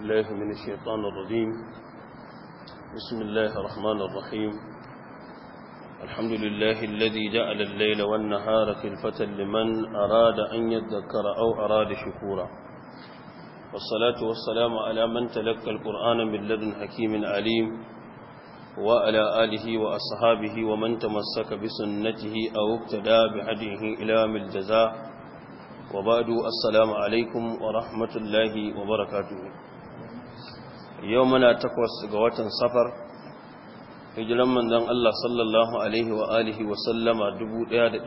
بالله من الشيطان الرجيم بسم الله الرحمن الرحيم الحمد لله الذي جعل الليل والنهار خلفة لمن أراد أن يذكر أو أراد شكورا والصلاة والسلام على من تلقى القرآن من لدن حكيم عليم وعلى آله وأصحابه ومن تمسك بسنته أو اقتدى بهديه إلى الجزاء وبعد السلام عليكم ورحمة الله وبركاته yau muna takwas ga watan safar hijiran manzon Allah sallallahu alaihi wa alihi wa sallama 1438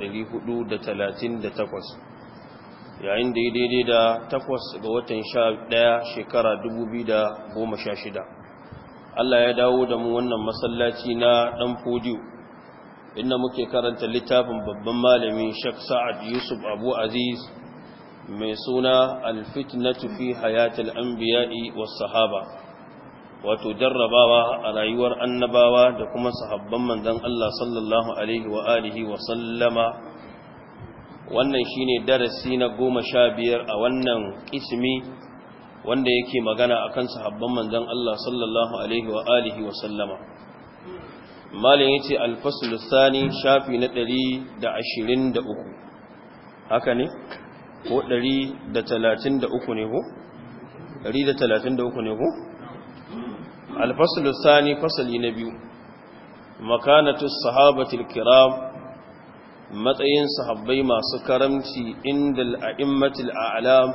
yayin da daidai da takwas ga watan sha ɗaya shekara sha shida. Allah ya dawo da mu wannan masallaci na dan fodiyo inda muke karanta littafin babban malami shek Sa'ad Yusuf Abu Aziz mai suna alfitnatu fi an anbiya'i was sahaba wato jarrabawa a rayuwar annabawa da kuma sahabban manzon Allah sallallahu alaihi wa alihi wa sallama wannan shine darasi na goma sha biyar a wannan ismi wanda yake magana akan sahabban manzon Allah sallallahu alaihi wa alihi wa sallama malin yace al-fasl thani shafi na 123 haka ne ko 133 ne ko 133 ne ko Sani fasali na biyu, makanatun sahabatul kiram matsayin sahabbai masu karamci inda al'a'immatul a'lam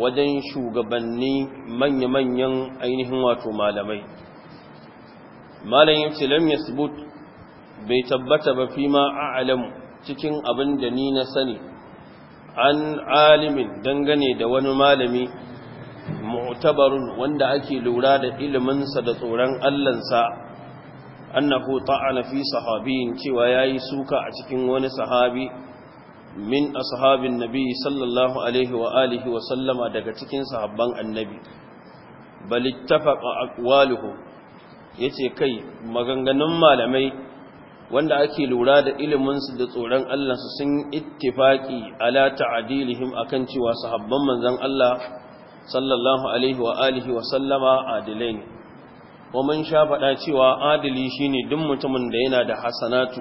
wajen shugabanni manya-manyan ainihin wato malamai malayin filam ya bai tabbata ba fi ma a'alamu cikin abin da ni na sani an alimin dangane da wani malami mu'tabarun wanda ake lura da iliminsa da tsoron allansa annahu ta'ana fi sahabiyin cewa yayi suka a cikin wani sahabi min ashabin nabi sallallahu alaihi wa alihi wa sallama daga cikin sahabban annabi bal ittafaqa yace kai maganganun malamai wanda ake lura da iliminsu da tsoron Allah su sun ittifaki ala ta'adilihim akan cewa sahabban manzon Allah sallallahu alaihi wa alihi wa sallama adilai ne mun sha faɗa cewa adili shine duk mutumin da yana da hasanatu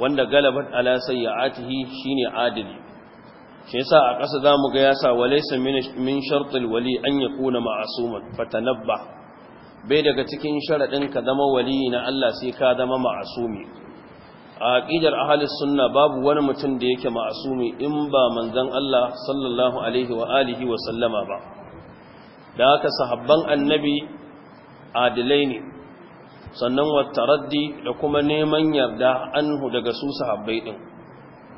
wanda galabat ala sayyi'atihi shine adili shi yasa a ƙasa zamu ga yasa walaysa min shartil wali an yakuna ma'asuman fatanabba bai daga cikin sharadin ka zama wali na Allah sai ka zama ma'asumi a aqidar ahlus sunna babu wani mutum da yake ma'asumi in ba manzon Allah sallallahu alaihi wa alihi wa sallama ba da haka sahabban annabi adilai ne sannan wataraddi da kuma neman yarda anhu daga su sahabbai din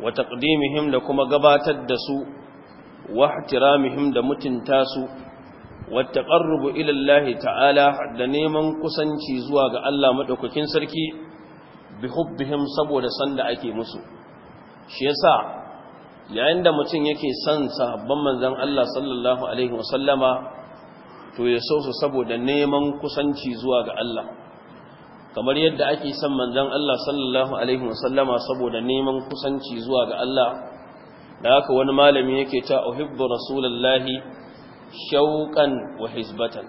wa taqdimihim da kuma gabatar da su wa da mutunta su wata taqarrubu ila ta'ala da neman kusanci zuwa ga Allah madaukakin sarki bi hubbihim saboda sanda ake musu shi yasa yayin da mutum yake son sahabban manzon Allah sallallahu alaihi wasallama to ya so su saboda neman kusanci zuwa ga Allah kamar yadda ake san manzon Allah sallallahu alaihi wasallama saboda neman kusanci zuwa ga Allah da haka wani malami yake ta uhibbu rasulullahi shauqan wa hizbatan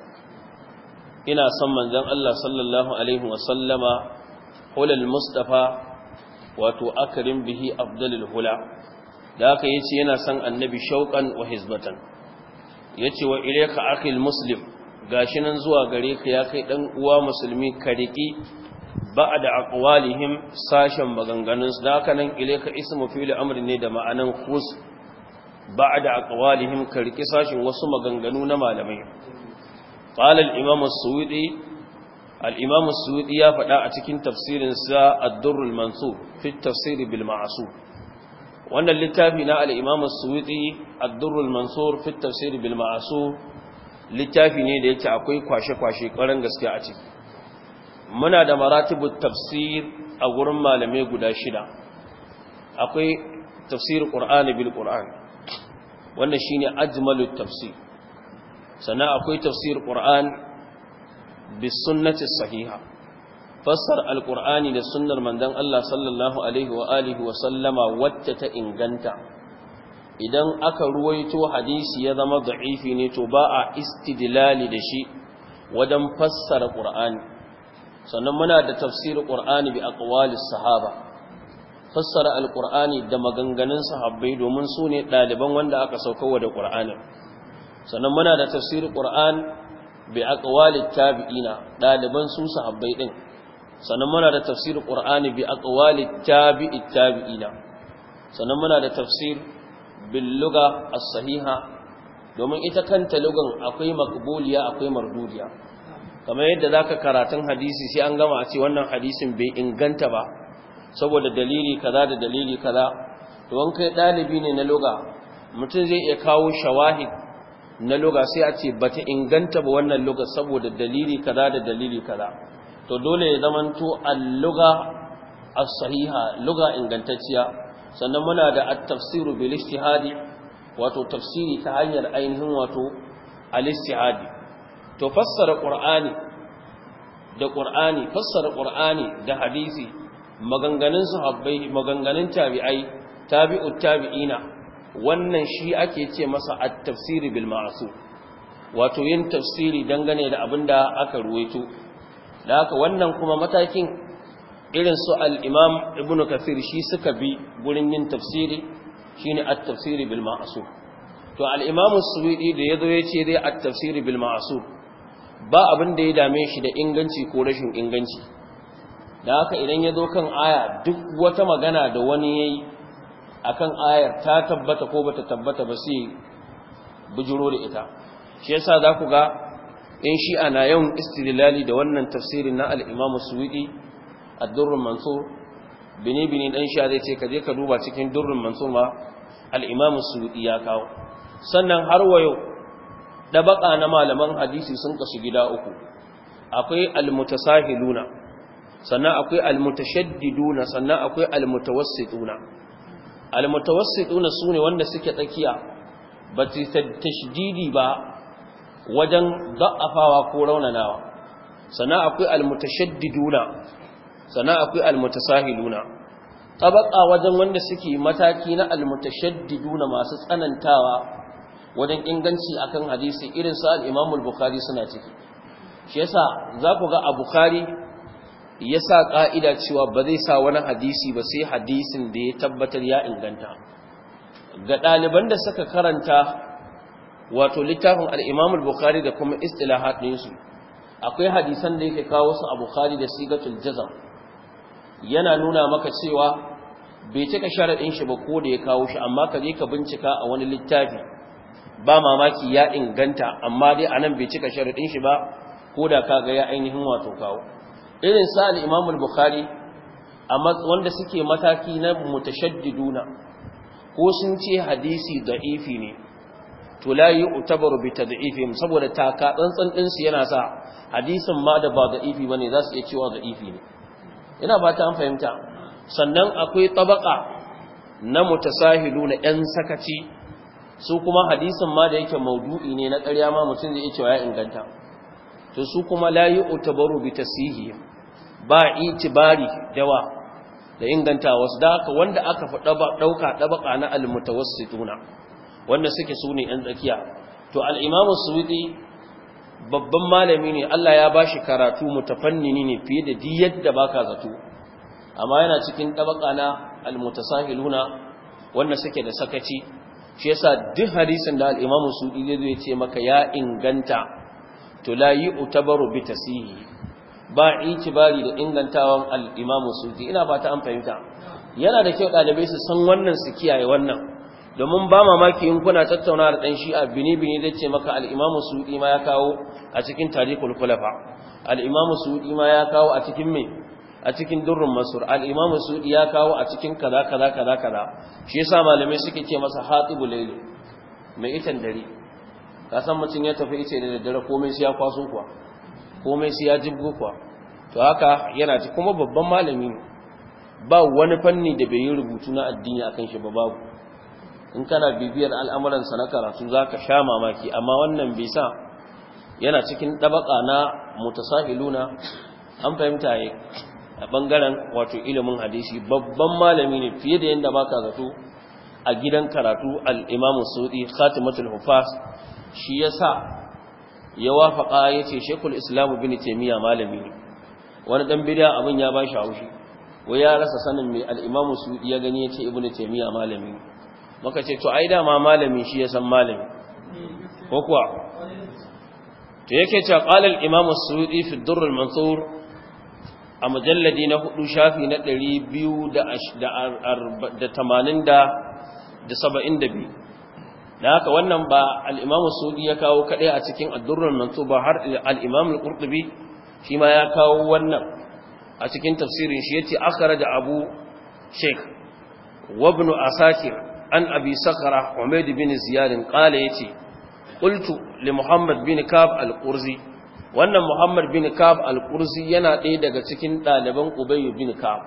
ina san manzon Allah sallallahu alaihi wasallama hulal mustafa wato akrim bihi afdalul hula da haka yace yana san annabi shauqan wa hizbatan Ya ce, wa ka akhil muslim gashi nan zuwa gare ka ya kai ɗan uwa musulmi ka a da aqwalihim sashen maganganun su haka nan ilayka ismu fi'l amr ne da ma'anan a da aqwalihim ka riƙi sashen wasu maganganu na malamai ƙalar al-imam al'imamun ya faɗa a cikin tafsirin sa ad mansur fi tafsiri bil wannan littafi na al-imam as-suyuti ad-durrul mansur bil ma'asu littafi ne da yake akwai kwashe-kwashe ƙaran gaske a ciki muna da maratibut tafsir a gurin malamai guda shida akwai tafsir qur'ani bil qur'an wannan shine ajmalut tafsir sannan akwai tafsir qur'an bis sahiha fassar alkur'ani da sunnar mandan Allah sallallahu alaihi wa alihi wa sallama wacce ta inganta idan aka ruwaito hadisi ya zama da'ifi ne to ba a istidlali da shi wajen fassara qur'ani sannan muna da tafsirin qur'ani bi aqwalis sahaba fassara alkur'ani da maganganun sahabbai domin su ne ɗaliban wanda aka saukowa da qur'anin sannan muna da tafsirin qur'an bi aqwalit tabi'ina ɗaliban su sahabbai din sannan muna da tafsir qur'ani bi aqwali tabi'i tabi'ina sannan muna da tafsir bil lugha as-sahiha domin ita kanta lugan akwai maqbuliya akwai mardudiya kamar yadda zaka karatun hadisi sai an gama a ce wannan hadisin bai inganta ba saboda dalili kaza da dalili kaza to an kai dalibi ne na lugha mutum zai iya kawo shawahid na luga sai a ce bata inganta ba wannan luga saboda dalili kaza da dalili kaza to dole ya zamanto al-lugha as-sahiha lugha ingantacciya sannan muna da at-tafsiru bil istihadi wato tafsiri ta hanyar ainihin wato al-istihadi to fassara qur'ani da qur'ani fassara qur'ani da hadisi maganganun sahabbai maganganun tabi'ai tabi'u tabi'ina wannan shi ake ce masa at-tafsiri bil ma'sum wato yin tafsiri dangane da abinda aka ruwaito da haka wannan kuma matakin irin su al’imam ibn kafir shi suka bi gurin yin tafsiri ne a tafsiri bil ma'asu to al-imam da ya da yazo ce dai a tafsiri bil ma'asu ba abin da ya dame shi da inganci ko rashin inganci da haka idan ya zo kan aya duk wata magana da wani ya yi a kan ayar ta tabbata ko ba ta tabbata ba sai bujuro da ita shi yasa za ku ga in shi ana yawan istilali da wannan tafsirin na al’imamu Suwidi ad-Durr bini bini dan shi zai ce ka je ka duba cikin durin manso ma al’imamu ya kawo sannan har wayo dabaka na malaman hadisi sun kasu gida uku akwai al sannan akwai al sannan akwai al-mutawassituna sune wanda suke tsakiya ba tashdidi ba wajen da'afawa ko raunanawa sana akwai almutashaddiduna sana akwai almutasahiluna tabaka wajen wanda suke mataki na almutashaddiduna masu tsanantawa wajen inganci akan hadisi irin sa al-Imam al-Bukhari suna ciki shi yasa za ku ga a Bukhari yasa ka'ida cewa ba zai sa wani hadisi ba sai hadisin da ya tabbatar ya inganta ga ɗaliban da suka karanta wato littafin alimam al-Bukhari da kuma istilahat ɗinsu akwai hadisan da yake kawo su a Bukhari da sigatul jazam yana nuna maka cewa bai cika sharaɗin shi ba ko da ya kawo shi amma ka je ka bincika a wani littafi ba mamaki ya inganta amma dai a nan bai cika sharaɗin shi ba ko da ka ga ya ainihin wato kawo irin sa al-Bukhari wanda suke mataki na mutashaddiduna ko sun ce hadisi da'ifi ne to la yu'tabaru bi tad'ifihim saboda taka tsantsan din yana sa hadisin ma da ba da'ifi bane za su iya cewa da'ifi ne ina ba an fahimta sannan akwai tabaka na mutasahilu na yan sakaci su kuma hadisin ma da yake maudu'i ne na ƙarya ma mutum zai iya cewa ya inganta to su kuma la yu'tabaru bi sihi ba itibari dawa da inganta wasu da aka wanda aka fi ɗauka ɗabaka na almutawassituna wanda suke su ne 'yan tsakiya to al'imamun suwiti babban malami ne Allah ya ba shi karatu mutafannini ne fiye da diyar da baka zato amma yana cikin ɗabaƙa na almutasahiluna wanda suke da sakaci shi yasa duk hadisin da al'imamun suwiti zai zai ce maka ya inganta to la yi utabaru bi tasihi ba itibari da ingantawan al'imamun suwiti ina ba ta an fahimta yana da kyau ɗalibai su san wannan su kiyaye wannan domin ba mamaki in kuna tattauna da dan shi'a bini-bini da ce maka al'imamu suɗi ma ya kawo a cikin tarikul kulafa al'imamu suɗi ma ya kawo a cikin mai a cikin durrun masur al'imamu suɗi ya kawo a cikin kaza kaza kaza kaza shi yasa malamai suke ce masa hatibu laili mai itan dare ka san mutum ya tafi ice da daddare komai sai ya kwaso kuwa komai sai ya jibgo kuwa to haka yana ci kuma babban malami ba wani fanni da bai yi rubutu na addini akan shi ba babu in kana bibiyar al'amuransa na karatu za ka sha mamaki amma wannan bisa yana cikin ɗabaƙa na mutasahiluna an fahimta ya a ɓangaren wato ilimin hadisi babban malami ne fiye da yadda ba ka zato a gidan karatu al'imamu suɗi khatimatul hufas shi ya sa ya wafaƙa ya ce shekul islamu bin taimiyya malami ne wani ɗan bida abin ya ba shi haushi wai ya rasa sanin mai al'imamu suɗi ya gani ya ce ibn taimiyya malami ne maka ce to ai dama malami shi ya san malami ko kuwa to yake cewa qala al-imam as-suyuti fi ad-durr al-mansur a mujalladi na 4 shafi na 280 da 72 da haka wannan ba al-imam as-suyuti ya kawo kadai a cikin ad-durr al-mansur ba har al-imam al-qurtubi shi ma ya kawo wannan a cikin tafsirin shi yace akhraja abu sheikh wa ibn asakir an abi sakara umayd bin ziyad qala yace qultu li muhammad bin kab al-qurzi wannan muhammad bin kab al-qurzi yana ɗaya daga cikin ɗaliban ubay bin kab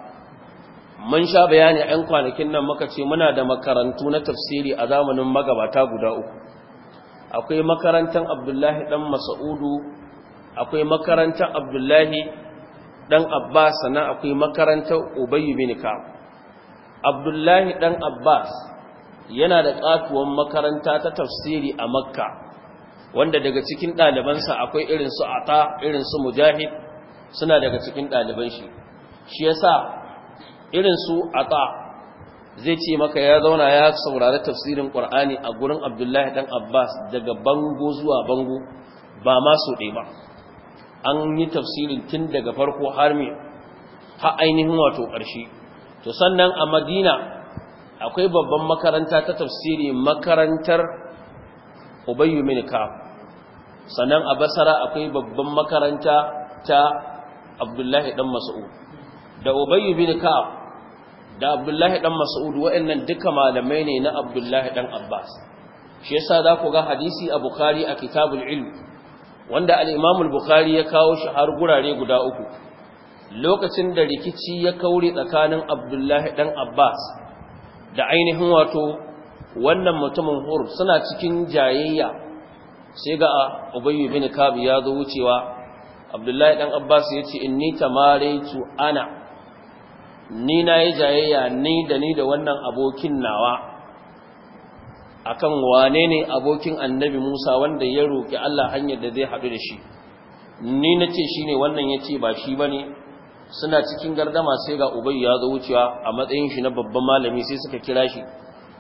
mun sha bayani a ɗan kwanakin nan muka ce muna da makarantu na tafsiri a zamanin magabata guda uku akwai makarantar abdullahi dan mas'udu akwai makarantar abdullahi dan abbas sannan akwai makarantar ubay bin kab abdullahi dan abbas yana da ƙatuwan makaranta ta tafsiri a makka wanda daga cikin ɗalibansa akwai irin su ta irin su mujahid suna daga cikin ɗaliban shi shi ya sa irin su ata zai ce maka ya zauna ya saurari tafsirin ƙwar'ani a gurin abdullahi ɗan abbas daga bango zuwa bango ba ma ɗai ba an yi tafsirin tun daga farko har mai ha ainihin wato ƙarshe to sannan a madina akwai babban makaranta ta tafsiri makarantar ubayyu mini sannan a basara akwai babban makaranta ta abdullahi dan mas'ud da ubayyu mini da abdullahi dan mas'ud wa'annan duka malamai ne na abdullahi dan abbas shi yasa za ku ga hadisi a bukhari a kitabul ilm wanda al'imamul bukari bukhari ya kawo shi har gurare guda uku lokacin da rikici ya kauri tsakanin abdullahi dan abbas da ainihin wato wannan mutumin hur suna cikin jayayya sai ga ubayyu bin kabi ya zo wucewa abdullahi dan abbas ya ce inni tamaraitu ana ni na yi jayayya ni da ni da wannan abokin nawa akan wane ne abokin annabi musa wanda ya roƙi allah hanyar da zai haɗu da shi ni na ce shi ne wannan ya ce ba shi ba ne suna cikin gardama sai ga ubai ya zo wucewa a matsayin shi na babban malami sai suka kira shi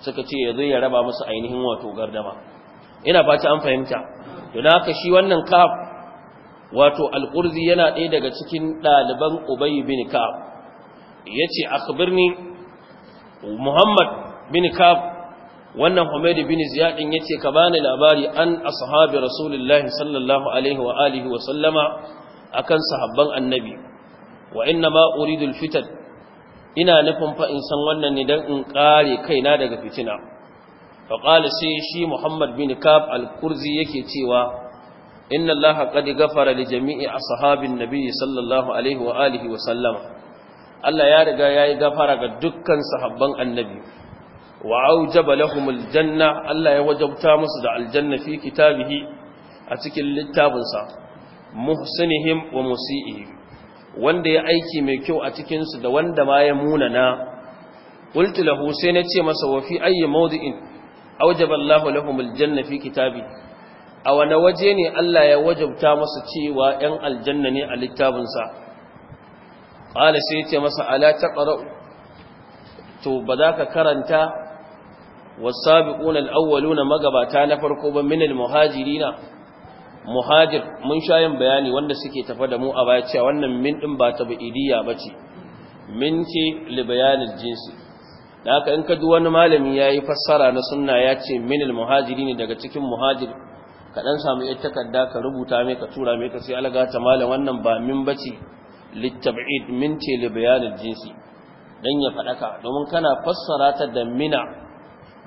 suka ce ya zo ya raba musu ainihin wato gardama ina fata an fahimta don haka shi wannan kaf wato alqurzi yana ɗaya daga cikin ɗaliban ubai bin kaf yace akhbirni muhammad bin kaf wannan humaydi bin ziyad din yace ka bani labari an ashabi rasulullahi sallallahu alaihi wa alihi wa sallama akan sahabban annabi wa inna ma uridul fitar? ina nufin fa in san wannan ne dan in kare kaina daga fitina fa sai shi Muhammad bin Kab al-Kurzi yake cewa inna Allah qad gafara li jami'i ashabin nabi sallallahu alaihi wa alihi wa sallama Allah ya riga yayi gafara ga dukkan sahabban annabi wa aujaba lahum aljanna Allah ya wajabta musu da aljanna fi kitabihi a cikin littafinsa muhsinihim wa musiihim wanda ya aiki mai kyau a cikinsu da wanda ma ya munana qultu lahu sai na ce masa wa fi ayyi mawdi'in awjaba Allahu lahum aljanna fi kitabi a wani waje ne Allah ya wajabta masa cewa 'yan aljanna ne a littafinsa qala sai ya ce masa ala taqra to ba za ka karanta wasabiquna alawwaluna magabata na farko ba min almuhajirina muhajir mun sha yin bayani wanda suke tafa da mu a baya cewa wannan min din ba ta ba'idiyya bace min ce li bayanin jinsi da haka in ka ji wani malami yayi fassara na sunna ya ce muhajiri ne daga cikin muhajir ka dan samu ita takarda ka rubuta mai ka tura mai ka sai alaga ta malam wannan ba min bace tab'id min ce li bayanin jinsi dan ya fadaka domin kana fassara ta da mina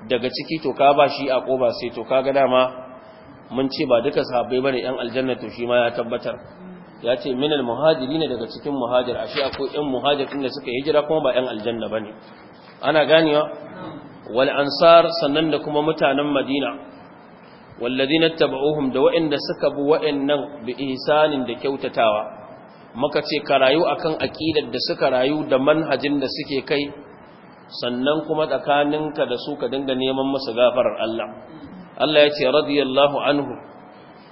daga ciki to ka ba shi a koba sai to kaga dama mun ce ba duka sahabbai bane yan aljanna to shi ma ya tabbatar ya ce minal muhajiri ne daga cikin muhajir ashe akwai yan muhajir din da suka hijira kuma ba yan aljanna bane ana ganewa wal ansar sannan da kuma mutanen madina walladina tabauhum da wa'anda suka bi wa'annan bi ihsanin da kyautatawa muka ce ka rayu akan aqidar da suka rayu da manhajin da suke kai sannan kuma tsakaninka da su ka dinga neman musu gafarar Allah Allah ya ce radiyallahu anhu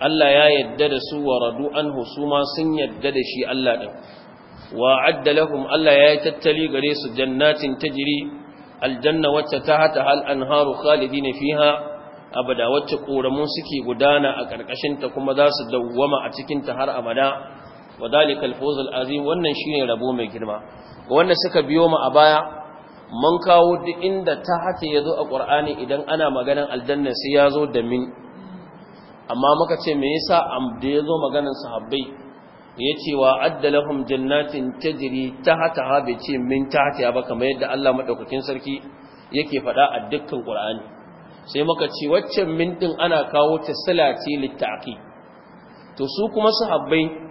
Allah ya yadda da su wa radu anhu su ma sun yadda da shi Allah din wa adda lahum Allah ya yi tattali gare su jannatin Tajiri, aljanna wacce ta hata hal anharu khalidina fiha abada wacce koramun suke gudana a ƙarƙashinta ta kuma za su dawwama a cikinta har abada wa dalikal fawzul azim wannan shine rabo mai girma wanda suka biyo mu a baya mun kawo duk inda ta hati ya zo a ƙwar'ani idan ana maganin aljanna sai ya zo da min amma muka ce me yasa da ya zo maganin sahabbai ya ce wa addalahum jannatin ta jiri ta ha bai ce min ta tahta ba kamar yadda Allah maɗaukakin sarki yake faɗa a dukkan ƙur'ani sai muka ce waccan min ɗin ana kawo ta salati littafi? to su kuma sahabbai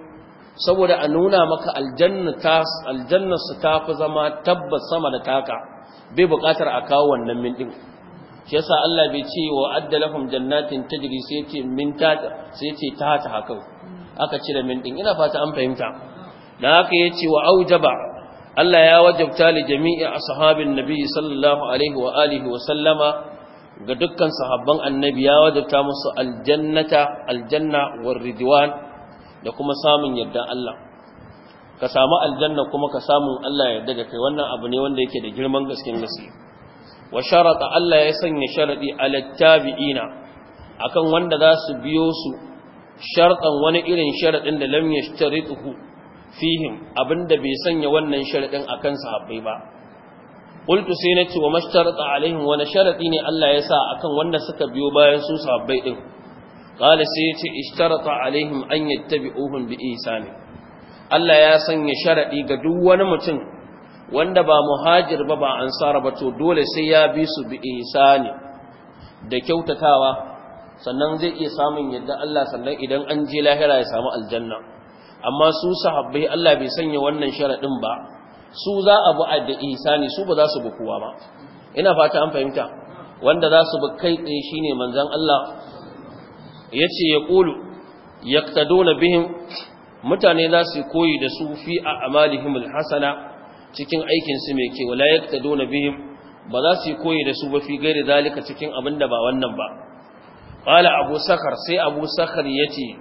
saboda a nuna maka aljanna su ta fi zama tabbas sama da taka bai buƙatar a kawo wannan min shi yasa Allah bai ce wa addalahum jannatin tajri sai ce min ta sai ce ta ta haka aka cire min ina fata an fahimta da haka ce wa aujaba Allah ya wajabta li jami'i ashabin nabi sallallahu alaihi wa alihi wa sallama ga dukkan sahabban annabi ya wajabta musu aljannata aljanna war ridwan da kuma samun yardan Allah ka samu aljanna kuma ka samu Allah yarda da kai wannan abu ne wanda yake da girman gaskin gaske wa sharata Allah ya sanya sharadi alattabi'ina akan wanda za su biyo su shartan wani irin sharadin da lam yashtarituhu fihim abinda bai sanya wannan sharadin akan sahabbai ba qultu sai nace wa mashtarata alaihim wani sharadi ne Allah ya sa akan wanda suka biyo bayan su sahabbai din qala sai ce ishtarata alaihim an yattabi'uhum bi ihsani Allah ya sanya sharaɗi ga duk wani mutum wanda ba muhajir ba ba an ba to dole sai ya bi su bi ihsani da kyautatawa sannan zai iya samun yadda Allah sannan idan an je lahira ya samu aljanna amma su sahabbai Allah bai sanya wannan sharaɗin ba su za a bi da isani su ba za su bi kowa ba ina fata an fahimta wanda za su bi kai tsaye shine manzon Allah ya ce ya ƙulu ya bihim mutane za su koyi da su fi a amalihim alhassana cikin aikinsu mai ke wala ya bihim ba za su koyi da su ba fi gairi zalika cikin abin da ba wannan ba ƙala abu sakar sai abu sakar ya ce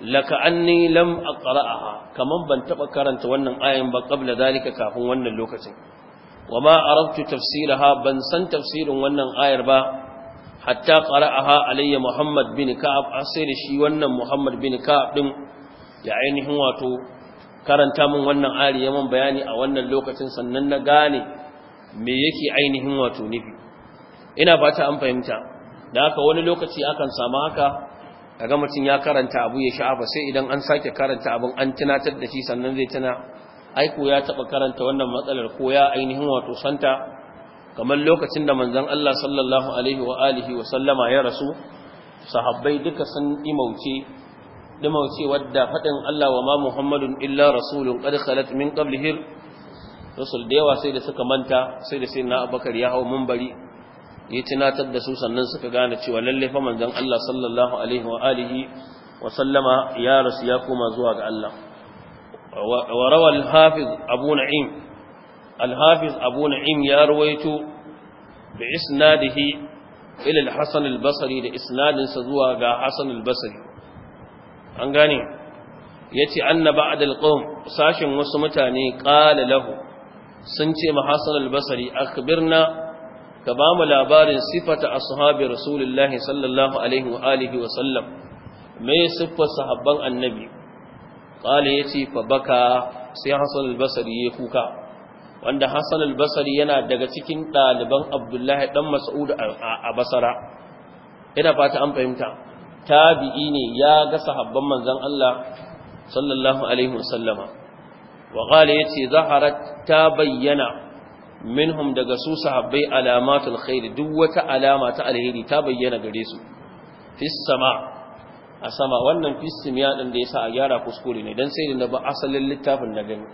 laka anni lam aqra'aha kaman ban taɓa karanta wannan ayan ba kabla zalika kafin wannan lokacin wa wama arabtu ha ban san tafsirin wannan ayar ba hatta qara'aha alayya Muhammad bin Ka'ab sai da shi wannan Muhammad bin Ka'ab din ya ainihin wato karanta min wannan ari ya man bayani a wannan lokacin sannan na gane me yake ainihin wato nufi ina fata an fahimta da haka wani lokaci akan samu haka kaga mutum ya karanta abu ya sha'aba sai idan an sake karanta abin an tunatar da shi sannan zai tana aiko ya taba karanta wannan matsalar ko ya ainihin wato santa kamar lokacin da manzan Allah sallallahu alaihi wa alihi wa sallama ya rasu sahabbai duka sun imauce dimauce wadda fadin Allah wa ma Muhammadun illa rasulun qad khalat min qablihi rasul da yawa sai da suka manta sai da sai na Abubakar ya hau munbari ya tunatar da su sannan suka gane cewa lalle fa manzan Allah sallallahu alaihi wa alihi wa sallama ya rasu ya koma zuwa ga Allah وروى Hafiz abu na'im al-hafiz abu na'im ya ruwaito bi isnadihi ila al al-basri da isnadin zuwa ga hasan al-basri an gane yace anna ba'd al sashin wasu mutane qala lahu sun ce ma hasan al-basri akhbirna ka bamu labarin sifata ashabi rasulullahi sallallahu alaihi wa alihi wa sallam me siffar sahabban annabi qala yace fa baka sai hasan al-basri ya kuka wanda Hassan al yana daga cikin ɗaliban Abdullahi dan Mas'ud a basara, ina fata an fahimta tabi'i ne ya ga sahabban manzon Allah sallallahu alaihi wasallama wa ya ce zaharat ta bayyana minhum daga su sahabbai alamatul Khairi, duk wata alama ta alheri ta bayyana gare su fis sama a sama wannan fis simiya din da sa a gyara kuskure ne dan sai da na ba asalin littafin na gani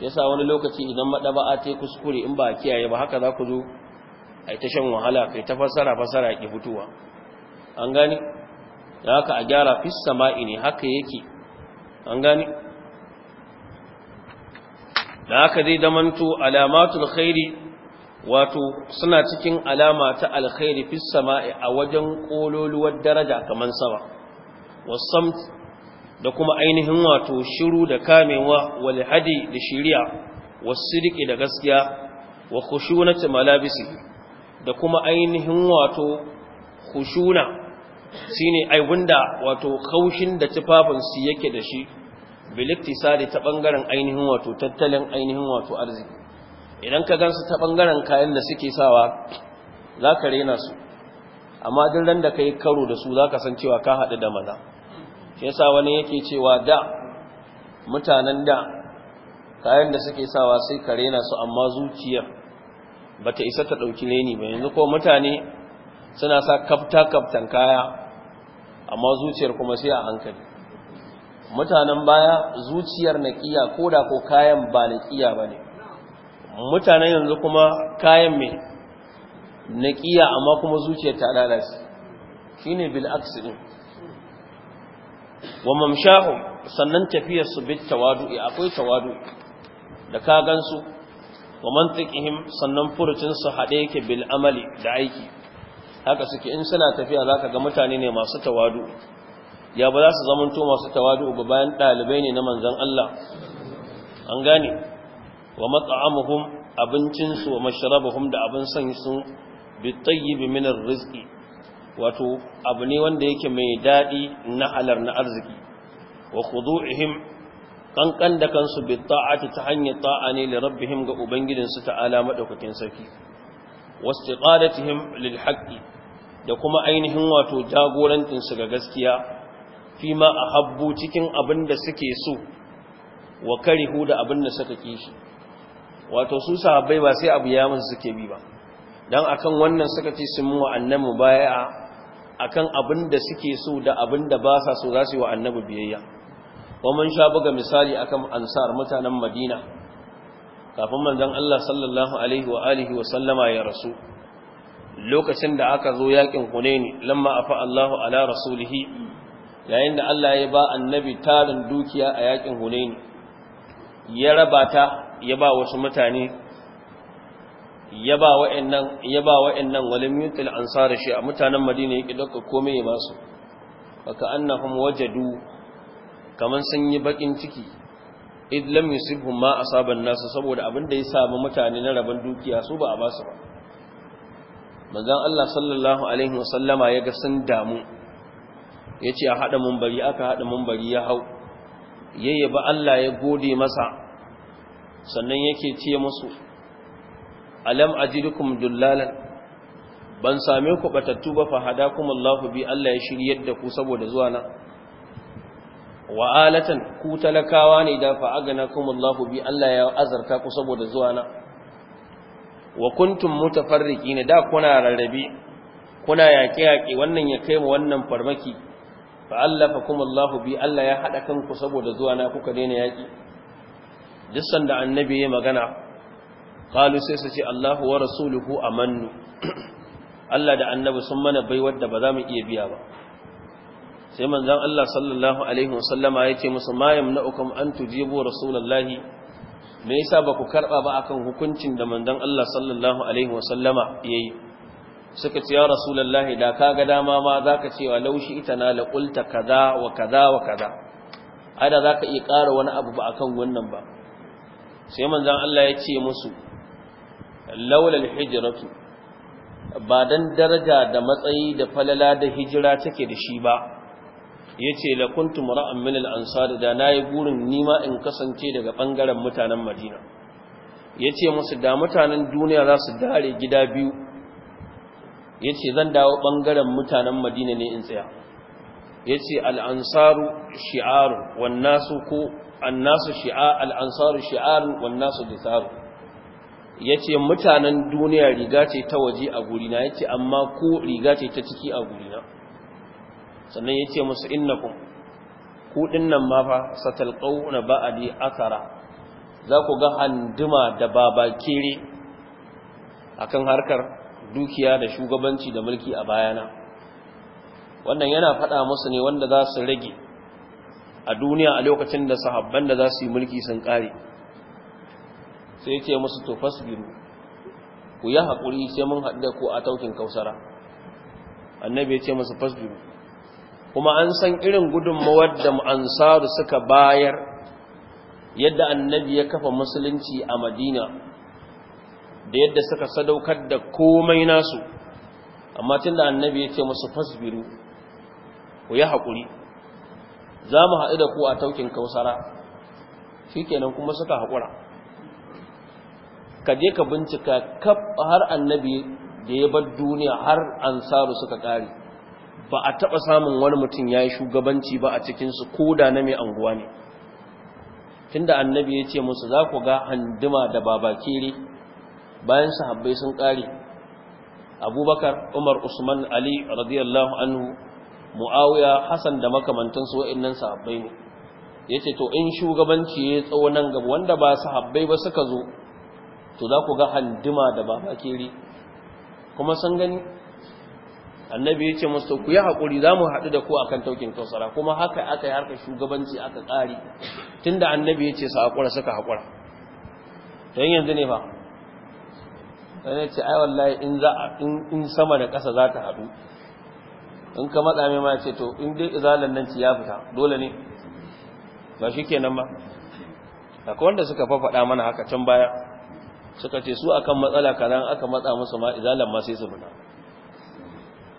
yasa wani lokaci idan a ta kuskure in ba a kiyaye ba haka za ku zo a ta shan wahala kai ta fasara fasara ki fituwa an gani da haka a gyara fis sama'i ne haka yake an gani da haka zai damanto alamatul khairi wato suna cikin alama ta alkhairi fis sama'i a wajen kololuwar daraja kaman sama wasamt da kuma ainihin wato shiru da kamewa wal hadi da shiriya wasidiki da gaskiya wa ta malabisi da kuma ainihin wato khushuna shine ai wato kaushin da tufafin yake da shi bil iktisadi ta bangaren ainihin wato tattalin ainihin wato arziki idan ka gansu ta bangaren kayan da suke sawa ka rena su amma duk da da kai karo da su zaka san cewa ka haɗu da maza yasa wani yake cewa da mutanen da kayan da suke sawa sai kare na su amma ba bata isa ta dauki leni ba yanzu ko mutane suna sa kafta kaftan kaya amma zuciyar kuma sai a hankali mutanen baya zuciyar na kiya ko da ko kayan ba na kiya ba ne mutanen yanzu kuma kayan mai na kiya amma kuma zuciyar ta lalace shine bil aksidin wa mamshahum sannan tafiyar su bit tawadu'i akwai tawadu da ka gansu wa mantiqihim sannan furucin su hade yake bil amali da aiki haka suke in suna tafiya zaka ga mutane ne masu tawadu ya ba za su zamanto masu tawadu ba bayan dalibai ne na manzon Allah an gane wa mat'amuhum abincin su wa mashrabuhum da abin san su bi tayyib min rizqi wato abu ne wanda yake mai daɗi na halar na arziki wa khudu'ihim kankan da kansu bi ta'ati ta hanyar ta'a ne li rabbihim ga ta ta'ala madaukakin sarki wastiqadatihim lil haqqi da kuma ainihin wato jagorantin su ga gaskiya fi fima ahabbu cikin abin da suke so wa karihu da abin da suka kishi wato su sahabbai ba sai abu ya musu suke bi ba dan akan wannan suka ce sun mu annabi baya. akan abin da suke so da abin da ba sa so za su yi wa annabi biyayya wa sha buga misali akan ansar mutanen madina kafin manzon Allah sallallahu alaihi wa alihi wa sallama ya rasu lokacin da aka zo yakin hunaini lamma afa Allahu ala rasulihi yayin da Allah ya ba annabi tarin dukiya a yakin hunaini ya raba ta ya ba wasu mutane ya ba wa'in ya ba nan walim yutil ansar shi a mutanen madina yake dauka komai ya basu baka annahum wajadu kaman sun yi bakin ciki id lam yusibhum ma sabon nasu saboda abinda da ya samu mutane na rabon dukiya su ba a basu ba manzon Allah sallallahu alaihi wasallama ya ga sun damu yace a hada mambari aka hada munbari ya hau yayyaba Allah ya gode masa sannan yake ce musu alam ajidukum dullalan ban same ku batattu ba fa hadakum Allahu bi Allah ya shiryar da ku saboda zuwa na wa alatan ku talakawa ne da fa aganakum Allahu bi Allah ya azarta ku saboda zuwa na wa kuntum mutafarriqin da kuna rarrabe kuna yaƙe yaƙe wannan ya kai mu wannan farmaki fa allafakum Allahu bi Allah ya hada kanku saboda zuwa na kuka daina yaki duk sanda annabi ya magana qalu sai su ce Allahu wa rasuluhu amannu Allah da annabi sun mana bai da ba za mu iya biya ba sai manzon Allah sallallahu alaihi wasallama yace musu ma na an tujibu rasulullahi me yasa ba ku karba ba akan hukuncin da manzon Allah sallallahu alaihi wasallama yayi suka ce ya rasulullahi da kaga dama ma zaka ce wa laushi ita na la qulta kaza wa kaza wa kaza ada zaka iya ƙara wani abu ba akan wannan ba sai manzon Allah ya ce musu laulal hijiratu ba dan daraja da matsayi da falala da hijira take da shi ba yace la kuntum ra'an min al-ansar da nayi gurin nima in kasance daga bangaren mutanen Madina yace musu da mutanen duniya za su dare gida biyu yace zan dawo bangaren mutanen Madina ne in tsaya yace al-ansaru shi'aru wan nasu ku an-nasu shi'a al-ansaru shi'aru wan nasu disaru ya ce mutanen duniya riga ce ta waje a gurina ya ce amma ku riga ce ta ciki a gurina sannan ya ce musu innakun kuɗin nan ma fa satalƙau na ba'adi asara za ku ga handuma da baba kere a kan harkar dukiya da shugabanci da mulki a bayana wannan yana faɗa musu ne wanda za su rage a duniya a lokacin da sahabban da za su yi mulki sun ƙare sai ce musu to fasbiru ku yi haƙuri sai mun haɗu da ku a taukin kausara annabi ya ce musu fasbiru kuma an san irin gudunmawar da ansaru suka bayar yadda annabi ya kafa musulunci a madina da yadda suka sadaukar da komai nasu amma tun da annabi ya ce musu fasbiru ku yi haƙuri za mu haɗu da ku a taukin kausara shi kenan kuma suka haƙura ka je ka bincika kaf har annabi da ya bar duniya har ansaru suka kare ba a taba samun wani mutum yayi shugabanci ba a cikin su koda na mai anguwa ne tunda annabi ya ce musu za ku ga handuma da babakire bayan sahabbai sun kare abubakar umar usman ali radiyallahu anhu muawiya hasan da makamantansu wa'annan sahabbai ne yace to in shugabanci ya tsawo nan gaba wanda ba sahabbai ba suka zo to za ku ga handima da babakeri kuma sun gani annabi ya ce musu ku yi haƙuri za mu haɗu da ku a kan taukin tausara. kuma haka aka yi harkar shugabanci aka ƙari tun da annabi ya ce su haƙura suka haƙura yin yanzu ne ba yi ce ai layi in sama da ƙasa za ta haɗu in ka matsa mai ma ce to in dai izalan nan ci ya fita dole ne ba shi kenan ba akwai wanda suka fafaɗa mana haka can baya suka ce su akan matsala kan aka matsa musu ma izalan ma sai su fita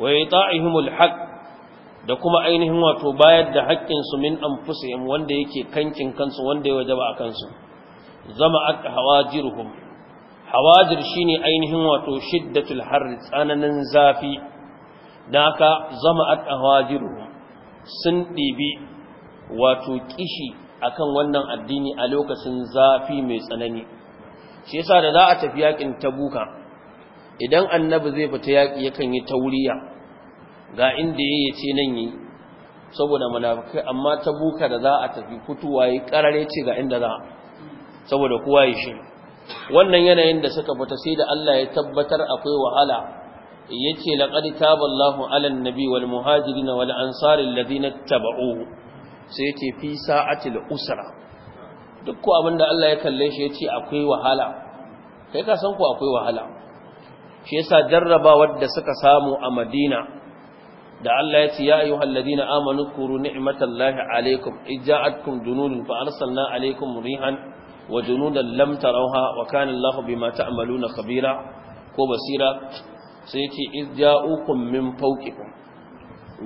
wa yata'ihumul haqq da kuma ainihin wato bayar da haƙƙin su min anfusihim wanda yake kankin kansu wanda ya wajaba akan su zama at hawajiruhum hawajir shine ainihin wato shiddatul har tsananin zafi dan haka zama at hawajiruhum sun ɗibi wato kishi akan wannan addini a lokacin zafi mai tsanani shi yasa da za a tafi yakin tabuka idan annabi zai fita yaki yakan yi tauriya ga inda yayi ce nan yi saboda munafikai amma tabuka da za a tafi fituwa yi karare ce ga inda za saboda kowa yi shi wannan yanayin da suka fita sai da Allah ya tabbatar akwai wahala yace laqad taballahu alan nabi wal muhajirin wal ansari alladhina tabauhu sai yace fi sa'atil usra duk abinda Allah ya kalle shi ya ce akwai wahala kai ka san ku akwai wahala shi yasa jarrabawar da suka samu a Madina da Allah ya ce ya ayyuhal ladina amanu kuru ni'matallahi alaikum ija'atkum junudun fa arsalna alaikum rihan wa junudan lam tarawha wa kana Allahu bima ta'maluna khabira ko basira sai yace ija'ukum min fawqikum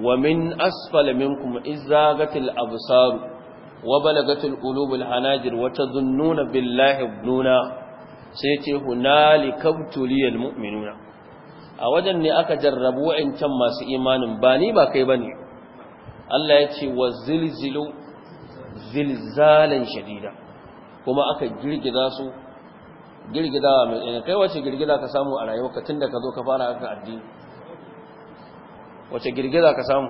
wa min asfala minkum izagatil absaru wa balagatul qulubul hanajir wa tazunnuna billahi ibnuna sai ce hunalikabtuliyal mu'minuna a wajen ne aka jarrabu wa'ancan masu imanin ba ni ba kai bane Allah ya ce wa zilzilu zilzalan shadida kuma aka girgiza su girgizawa mai tsanani kai wace girgiza ka samu a rayuwarka tunda ka zo ka fara aka addini wace girgiza ka samu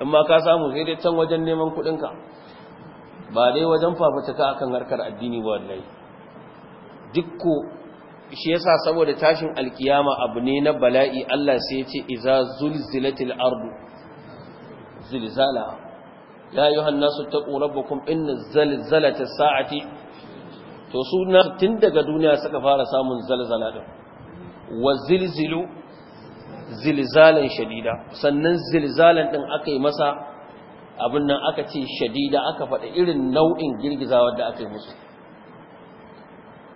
Amma ka samu sai dai can wajen neman kuɗinka ba dai wajen fafutuka akan harkar addini ba wallahi dukko shi yasa saboda tashin alkiyama abu ne na bala'i Allah sai ya ce iza zulzilatil ardu zilzala ya ayyuhan nasu taqu rabbakum inna zalzalata sa'ati to suna tun daga duniya suka fara samun zalzala din wa zilzilu zilzalan shadida sannan zilzalan din aka yi masa abin nan aka ce shadida aka faɗa irin nau'in girgizawar da aka yi musu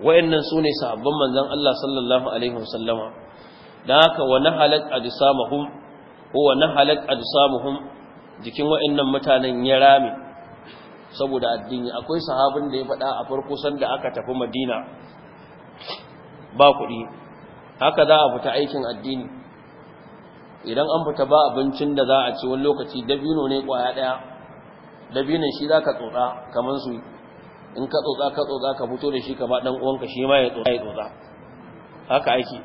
wayannan su ne sahabban manzon Allah sallallahu alaihi wasallama da haka wa nahalat ajsamuhum wa nahalat ajsamuhum jikin wayannan mutanen ya rame saboda addini akwai sahabin da ya faɗa a farko sanda aka tafi Madina ba kuɗi haka za a fita aikin addini idan an fita ba abincin da za a ci wani lokaci dabino ne kwaya daya dabinon shi za ka tsotsa kamar su in ka tsotsa ka tsotsa ka fito da shi ka ba dan uwanka shi ma ya tsotsa haka aiki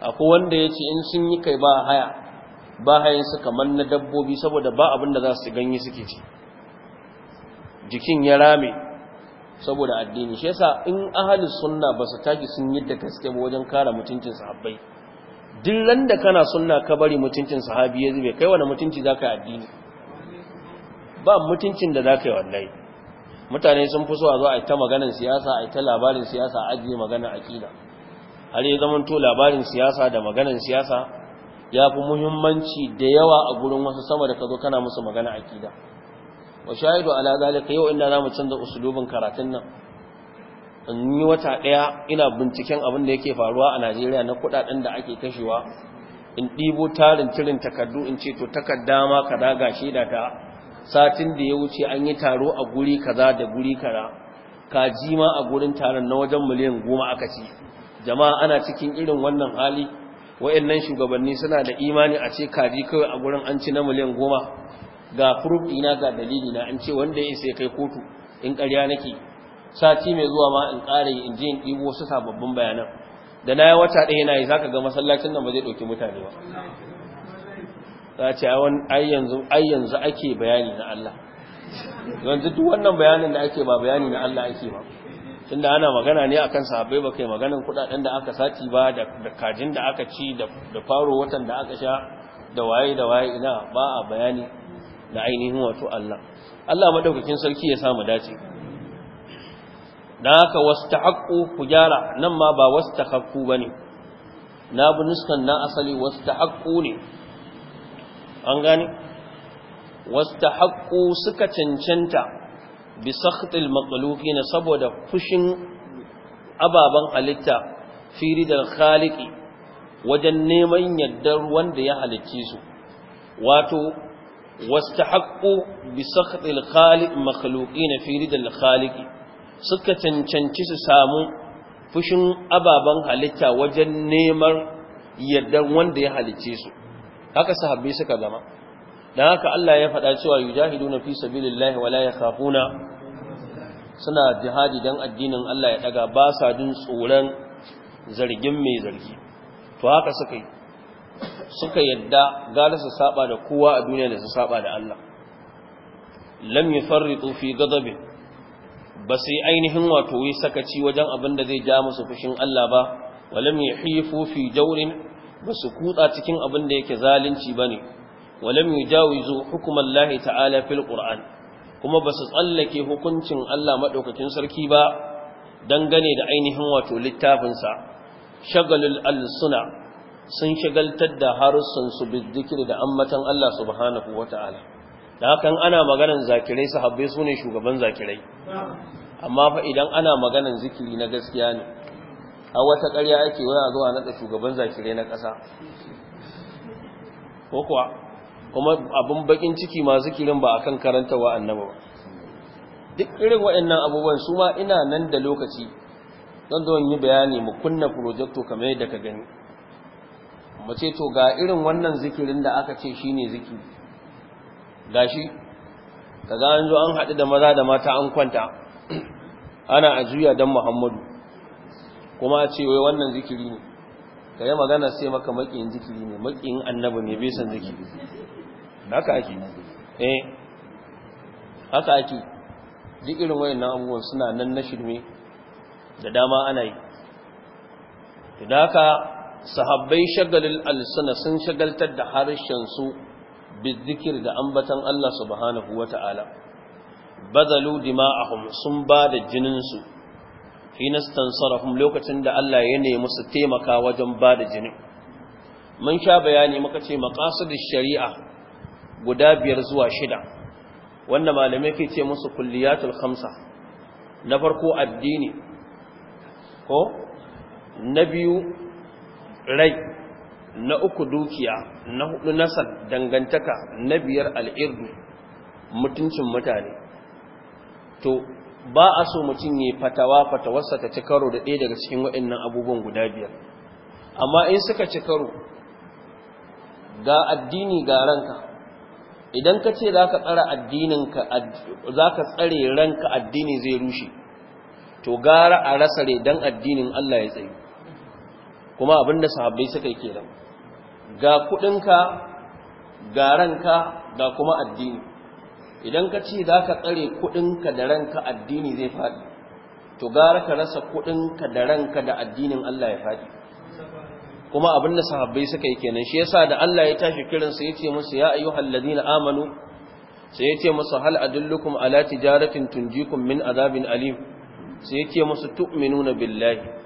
akwai wanda ya ce in sun yi kai ba haya ba hayan su kamar na dabbobi saboda ba abin da za su ganye suke ci jikin ya rame saboda addini shi yasa in ahli sunna ba su taki sun yi da gaske wajen kare mutuncin sahabbai dillan da kana suna ka bari mutuncin sahabi ya zube kai wani mutunci za ka yi addini ba mutuncin da za ka yi wallai. mutane sun fi so a zo a ita ta maganin siyasa a ita ta labarin siyasa a ajiye maganar aƙida har yi zaman to labarin siyasa da maganar siyasa ya fi muhimmanci da yawa a gurin wasu sama da ka zo kana musu magana akida wa shahidu ala zalika yau inda za mu canza usulubin karatun nan in yi wata ɗaya ina binciken abin da yake faruwa a najeriya na kudaden da ake kashewa in ɗibo tarin tirin takardu in ce to takarda ma kaza ga shaida ta satin da ya wuce an yi taro a guri kaza da guri kaza kaji ma a gurin taron na wajen miliyan goma aka ci jama'a ana cikin irin wannan hali wa'annan shugabanni suna da imani a ce kaji kawai a gurin an ci na miliyan goma ga furuf ina ga dalili na an ce wanda ya sai kai kotu in ƙarya nake sati mai zuwa ma in ƙare in ji in ɗibo su sababbin bayanan da na yi wata ɗaya na yi za ka ga masallacin nan ba zai ɗauki mutane ba za ce ai yanzu ake bayani na Allah yanzu duk wannan bayanin da ake ba bayani na Allah ake ba tunda ana magana ne akan sahabbai ba kai maganin kuɗaɗen da aka sati ba da kajin da aka ci da faro watan da aka sha da waye da waye ina ba a bayani da ainihin wato Allah Allah madaukakin sarki ya samu dace dan haka wastahaqqu ku gyara nan ma ba wastahaqqu bane na bu nuskan na asali wastahaqqu ne an gane wastahaqqu suka cancanta bi sakhtil makhluqin saboda fushin ababan halitta fi ridal khaliqi wajen neman yaddar wanda ya halicce su wato واستحقوا بسخط الخالق مخلوقين في da الخالق suka cancanci su samu fushin ababen halitta wajen neman yardar wanda ya halicce su haka sahabbai suka zama dan haka Allah ya faɗa cewa yujahiduna fi sabilillahi wala yakhafuna suna jihadi dan addinin Allah ya daga ba sa jin tsoron zargin mai zargi to haka suka yi suka yadda gara su saba da kowa a duniya da su saba da Allah lam yufarritu fi ghadabin ba sai ainihin wato yi sakaci wajen abin da zai ja musu fushin Allah ba walam yahifu fi jawrin ba su kutsa cikin abin da yake zalunci ba bane walam yujawizu hukumallahi ta'ala fil qur'an kuma ba su tsallake hukuncin Allah madaukakin sarki ba dangane da ainihin wato littafinsa, sa shagalul alsuna sun shagaltar da harsunsu bi da ammatan Allah subhanahu wataala da ana maganan zakirai sahabbai su ne shugaban zakirai amma fa idan ana maganan zikiri na gaskiya ne a wata ƙarya ake wani zuwa naɗa shugaban zakirai na ƙasa ko kuwa kuma abin bakin ciki ma zikirin ba a karanta wa annaba ba duk irin waɗannan abubuwan su ma ina nan da lokaci zan zo yi bayani mu kunna projecto kamar yadda ka gani mace to ga irin wannan zikirin da aka ce shine zikiri gashi kaga an zo an haɗu da maza da mata an kwanta ana a juya don muhammadu kuma a ce wai wannan zikiri ne ka yi magana sai maka makiyin zikiri ne makiyin annabi ne bai san zikiri haka ake eh haka ake zikirin wayannan abubuwan suna nan na shirme da dama ana yi da haka sahabbai shagalin alisana sun shagaltar da harshen su bizikir da ambatan Allah subhanahu wata'ala bazalu dima'ahum sun ba da jininsu hinastan sarahum lokacin da Allah ya nemi su taimaka wajen ba da jinin mun sha bayani muka ce da shari'a guda biyar zuwa shida wanda malamai ke ce musu kulliyatul khamsa na farko addini ko na biyu rai na uku dukiya na hudu nasar dangantaka na biyar al'irdu mutuncin mutane to ba a so mutum ya fatawa fatawarsa ta ci karo da ɗaya daga cikin waɗannan abubuwan guda biyar amma in suka ci karo ga addini ga ranka idan ka ce za ka tsara addininka za ka tsare ranka addini zai rushe to gara a rasa dan addinin Allah ya tsaye kuma abinda sahabbai suka yi kenan ga kudinka ga ranka ga kuma addini idan ka ce za ka tsare kudinka da ranka addini zai faɗi to gara ka rasa kudinka da ranka da addinin Allah ya faɗi kuma abin da sahabbai suka yi kenan shi yasa da Allah ya tashi kiran kiransa yace musu ya ayyuhal ladina amanu sai yace musu hal adullukum ala tijaratin tunjikum min azabin alim sai yace musu tu'minuna billahi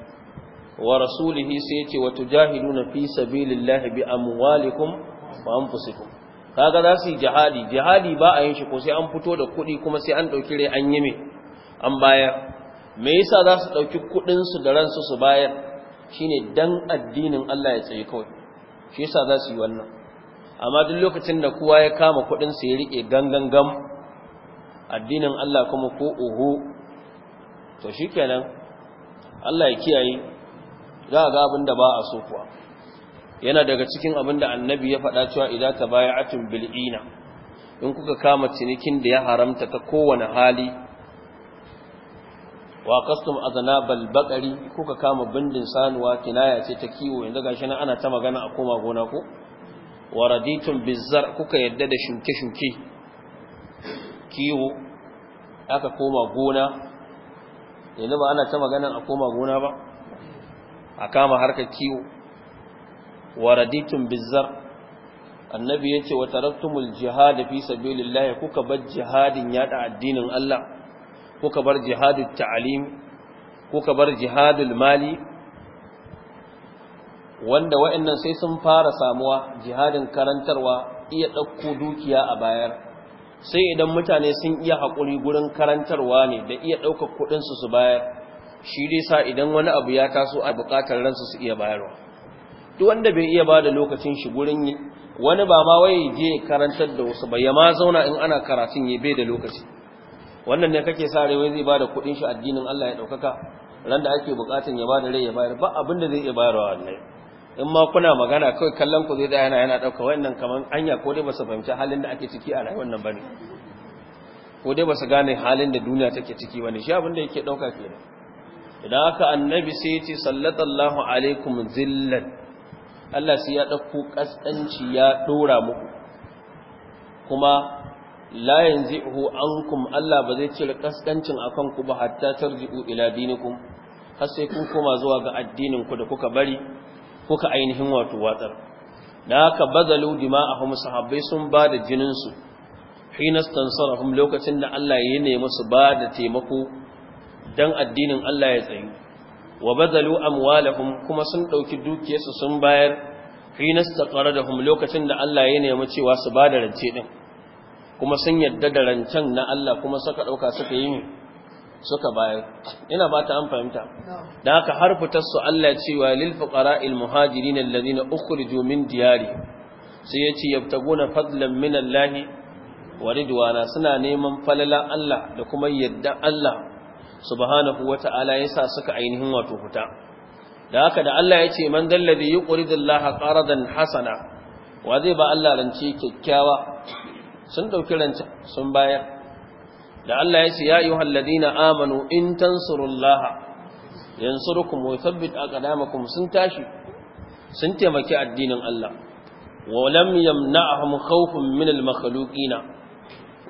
wa rasulihi sai yace wa tujahiduna fi sabilillahi bi amwalikum wa anfusikum kaga za su yi jihadi jihadi ba a yin shi ko sai an fito da kuɗi kuma sai an ɗauki rai an yi me an bayar me yasa za su ɗauki kuɗinsu da ransu su bayar shine dan addinin Allah ya tsaye kawai shi yasa za su yi wannan amma duk lokacin da kowa ya kama kuɗinsu ya rike gangan gam addinin Allah kuma ko oho to shikenan Allah ya kiyaye za a ga abin da ba a so kuwa yana daga cikin abin da annabi ya faɗa cewa idan ta baya atun bil'ina in kuka kama cinikin da ya haramta ta kowane hali wa kastum azana balbakari kuka kama bindin sanuwa kinaya ce ta kiwo yanzu gashi nan ana ta magana a koma gona ko wa raditun bizzar kuka yadda da shuke-shuke kiwo aka koma gona yanzu ba ana ta magana a koma gona ba a kama harkar kiwo wa raditun bizar. annabi yace wa taraktumul jihad fi sabilillahi kuka bar jihadin yada addinin Allah kuka bar jihadul ta'lim kuka bar jihadul mali wanda wa'annan sai sun fara samuwa jihadin karantarwa iya ɗauko dukiya a bayar sai idan mutane sun iya hakuri gurin karantarwa ne da iya daukar kuɗinsu su bayar shi dai sa idan wani abu ya taso a bukatar ransu su iya bayarwa duk wanda bai iya bada lokacin shi gurin yi wani ba ma wai je karantar da wasu ba ma zauna in ana karatun ya bai da lokaci wannan ne kake sa rai wai zai bada kuɗin shi addinin Allah ya daukaka ran da ake bukatun ya bada rai ya bayar ba abin da zai iya bayarwa wallahi in ma kuna magana kawai kallon ku zai da yana yana dauka wannan kaman anya ko dai ba su fahimci halin da ake ciki a rayuwar nan bane ko dai ba su gane halin da duniya take ciki bane shi abin da yake dauka kenan idan aka annabi sai ya ce sallatallahu alaikum zillan Allah sai ya ɗauko ƙasƙanci ya ɗora muku kuma la yanzihu ankum Allah ba zai cire kaskancin akan ku ba hatta tarji'u ila dinikum har sai kun koma zuwa ga addinin ku da kuka bari kuka ainihin wato watsar da haka bazalu dima'ahum sahabbai sun ba da jinin su hina stansarahum lokacin da Allah ya nemi su ba da taimako dan addinin Allah ya tsayi wa bazalu amwalahum kuma sun ɗauki dukiyarsu sun bayar da hum lokacin da Allah ya nemi cewa su bada rance ɗin. kuma sun yadda da rancen na Allah kuma suka ɗauka suka yi suka bayar ina ba ta an fahimta da haka har fitarsu su Allah cewa lil fuqara'il na alladhina ukhriju min diyari sai yace yabtaguna fadlan min Allah wa na suna neman falala Allah da kuma yadda Allah subhanahu wata'ala yasa suka ainihin wato fita da haka da Allah ya ce man dalladhi yuqridullaha qaradan hasana wa zai ba Allah rance kyakkyawa sun dauki rance sun bayar da Allah ya ce ya ayyuhal ladina amanu in tansurullaha yansurukum wa yuthabbit aqdamakum sun tashi sun taimaki addinin Allah wa lam yamna'ahum khawfun min al-makhluqina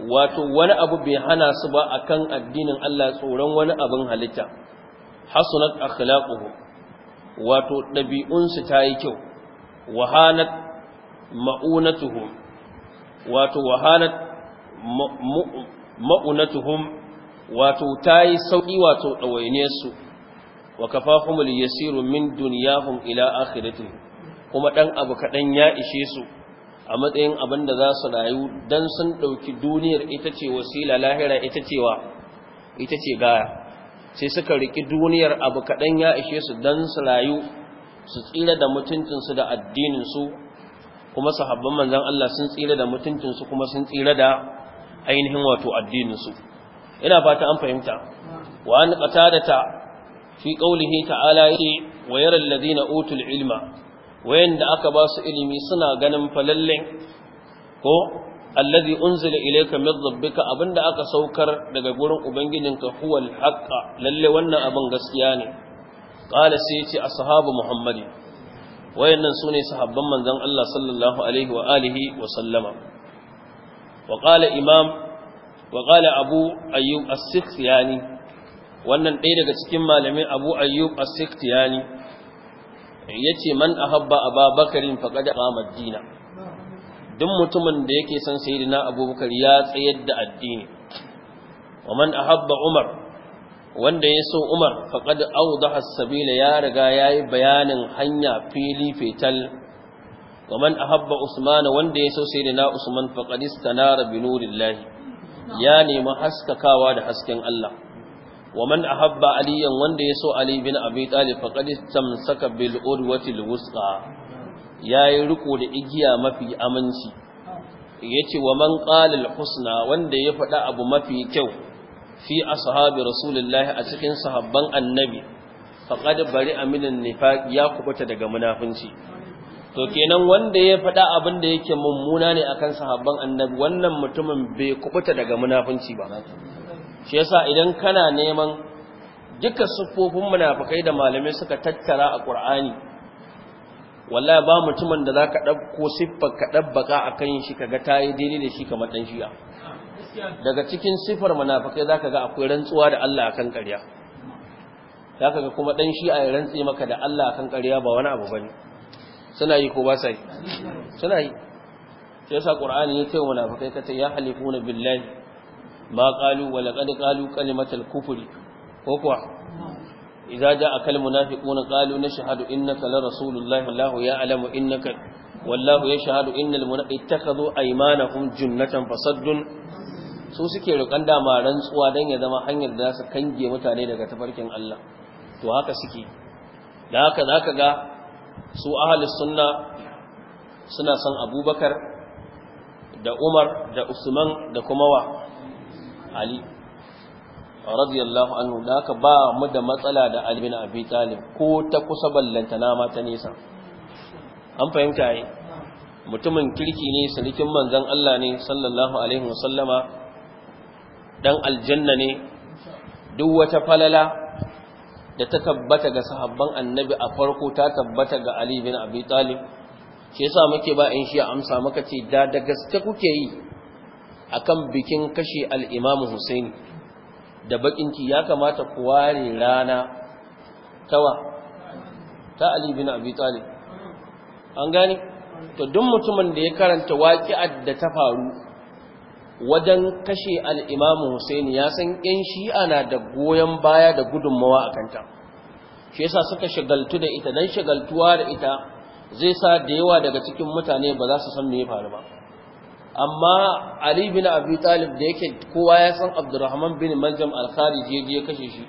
wato wani abu bai hana su ba a kan addinin Allah tsoron wani abin halitta hasunat akhlaquhu wato ta yi kyau wahanat ma'unatuhum wato wahanat ma'unatuhum wato yi sauƙi wato su wa kafahumul yasiru min dunyahum ila akhiratihim kuma ɗan abu kaɗan ya ishe su a matsayin abin da za su rayu don sun ɗauki duniyar ita ce wasila lahira ita ce wa ita ce gaya sai suka riƙi duniyar abu kaɗan ya ishe su don su rayu su tsira da mutuncinsu da addininsu kuma su habban manzan Allah sun tsira da mutuncinsu kuma sun tsira da ainihin wato addininsu ina fata an fahimta wa an da ta fi ƙaulihi ta'ala wa yara na utul ilma wayanda aka ba su ilimi suna ganin falallin ko allazi unzila ilayka min rabbika abinda aka saukar daga gurin ubangijinka huwal haqqa lalle wannan abin gaskiya ne qala sai yace ashabu muhammadi wayannan sune sahabban manzon Allah sallallahu alaihi wa alihi wa sallama wa qala imam wa qala abu ayyub as-sikhtiyani wannan ɗaya daga cikin malamin abu ayyub as-sikhtiyani yace man ahabba ababakarin faqad qama ad-dina duk mutumin da yake son sayyidina abubakar ya tsayar da addini wa man ahabba umar wanda ya so umar faqad awdaha as-sabila ya riga yayi bayanin hanya fili fetal wa man ahabba Usman, wanda ya so sayyidina usman faqad istanara bi nurillahi ya nemi haskakawa da hasken Allah wa man habba aliyan wanda ya so ali bin abi talib faqad istamsaka bil urwati al wusqa yayi riko da igiya mafi aminci yace wa man qala al husna wanda ya faɗa abu mafi kyau fi ashabi rasulullahi a cikin sahabban annabi faqad bari'a minan nifaq ya kubuta daga munafinci to kenan wanda ya faɗa abin da yake mummuna ne akan sahabban annabi wannan mutumin bai kubuta daga munafunci ba shi yasa idan kana neman duka sufofin munafikai da malamai suka tattara a Qur'ani wallahi ba mutumin da zaka dauko siffar ka dabbaka akan shi kaga tayi daidai da shi kamar dan shiya daga cikin siffar munafikai zaka ga akwai rantsuwa da Allah akan ƙarya zaka ga kuma dan shi'a ya rantsi maka da Allah akan ƙarya ba wani abu bane suna yi ko ba sai suna yi shi yasa Qur'ani ya ce munafikai kace ya halifuna billahi ma ƙalu wala laqad ƙalu kalimatal kufri ko kuwa a kalmu idza jaa kal munafiquna qalu nashhadu innaka la rasulullahi wallahu ya ya'lamu innaka wallahu yashhadu innal munafiqina ittakhadhu aymanahum junnatan fasaddun su suke roƙan dama rantsuwa don ya zama hanyar da su kange mutane daga tafarkin Allah to haka suke da haka za ka ga su ahalis sunna suna son abubakar da umar da usman da kuma wa ali radiyallahu anhu da ba mu da matsala da ali bin abi talib ko ta kusa ballantana ma ta nesa an fahimta yi mutumin kirki ne sarkin manzon Allah ne sallallahu alaihi wasallama dan aljanna ne duk wata falala da ta tabbata ga sahabban annabi a farko ta tabbata ga ali bin abi talib shi yasa muke ba in shi amsa muka ce da da gaske kuke yi akan bikin kashe al'imamu Husaini da bakinki ya kamata kuware rana tawa ta Ali bin Abi Talib an gani to duk mutumin da ya karanta waqi'ar da ta faru wajen kashe al'imamu Husaini ya san kin shi ana da goyon baya da gudunmawa a kanta shi yasa suka shagaltu da ita dan shagaltuwa da ita zai sa da yawa daga cikin mutane ba za su san me ya faru ba amma Ali bin Abi Talib da yake kowa ya san Abdurrahman bin Maljam al-Khariji yaje ya kashe shi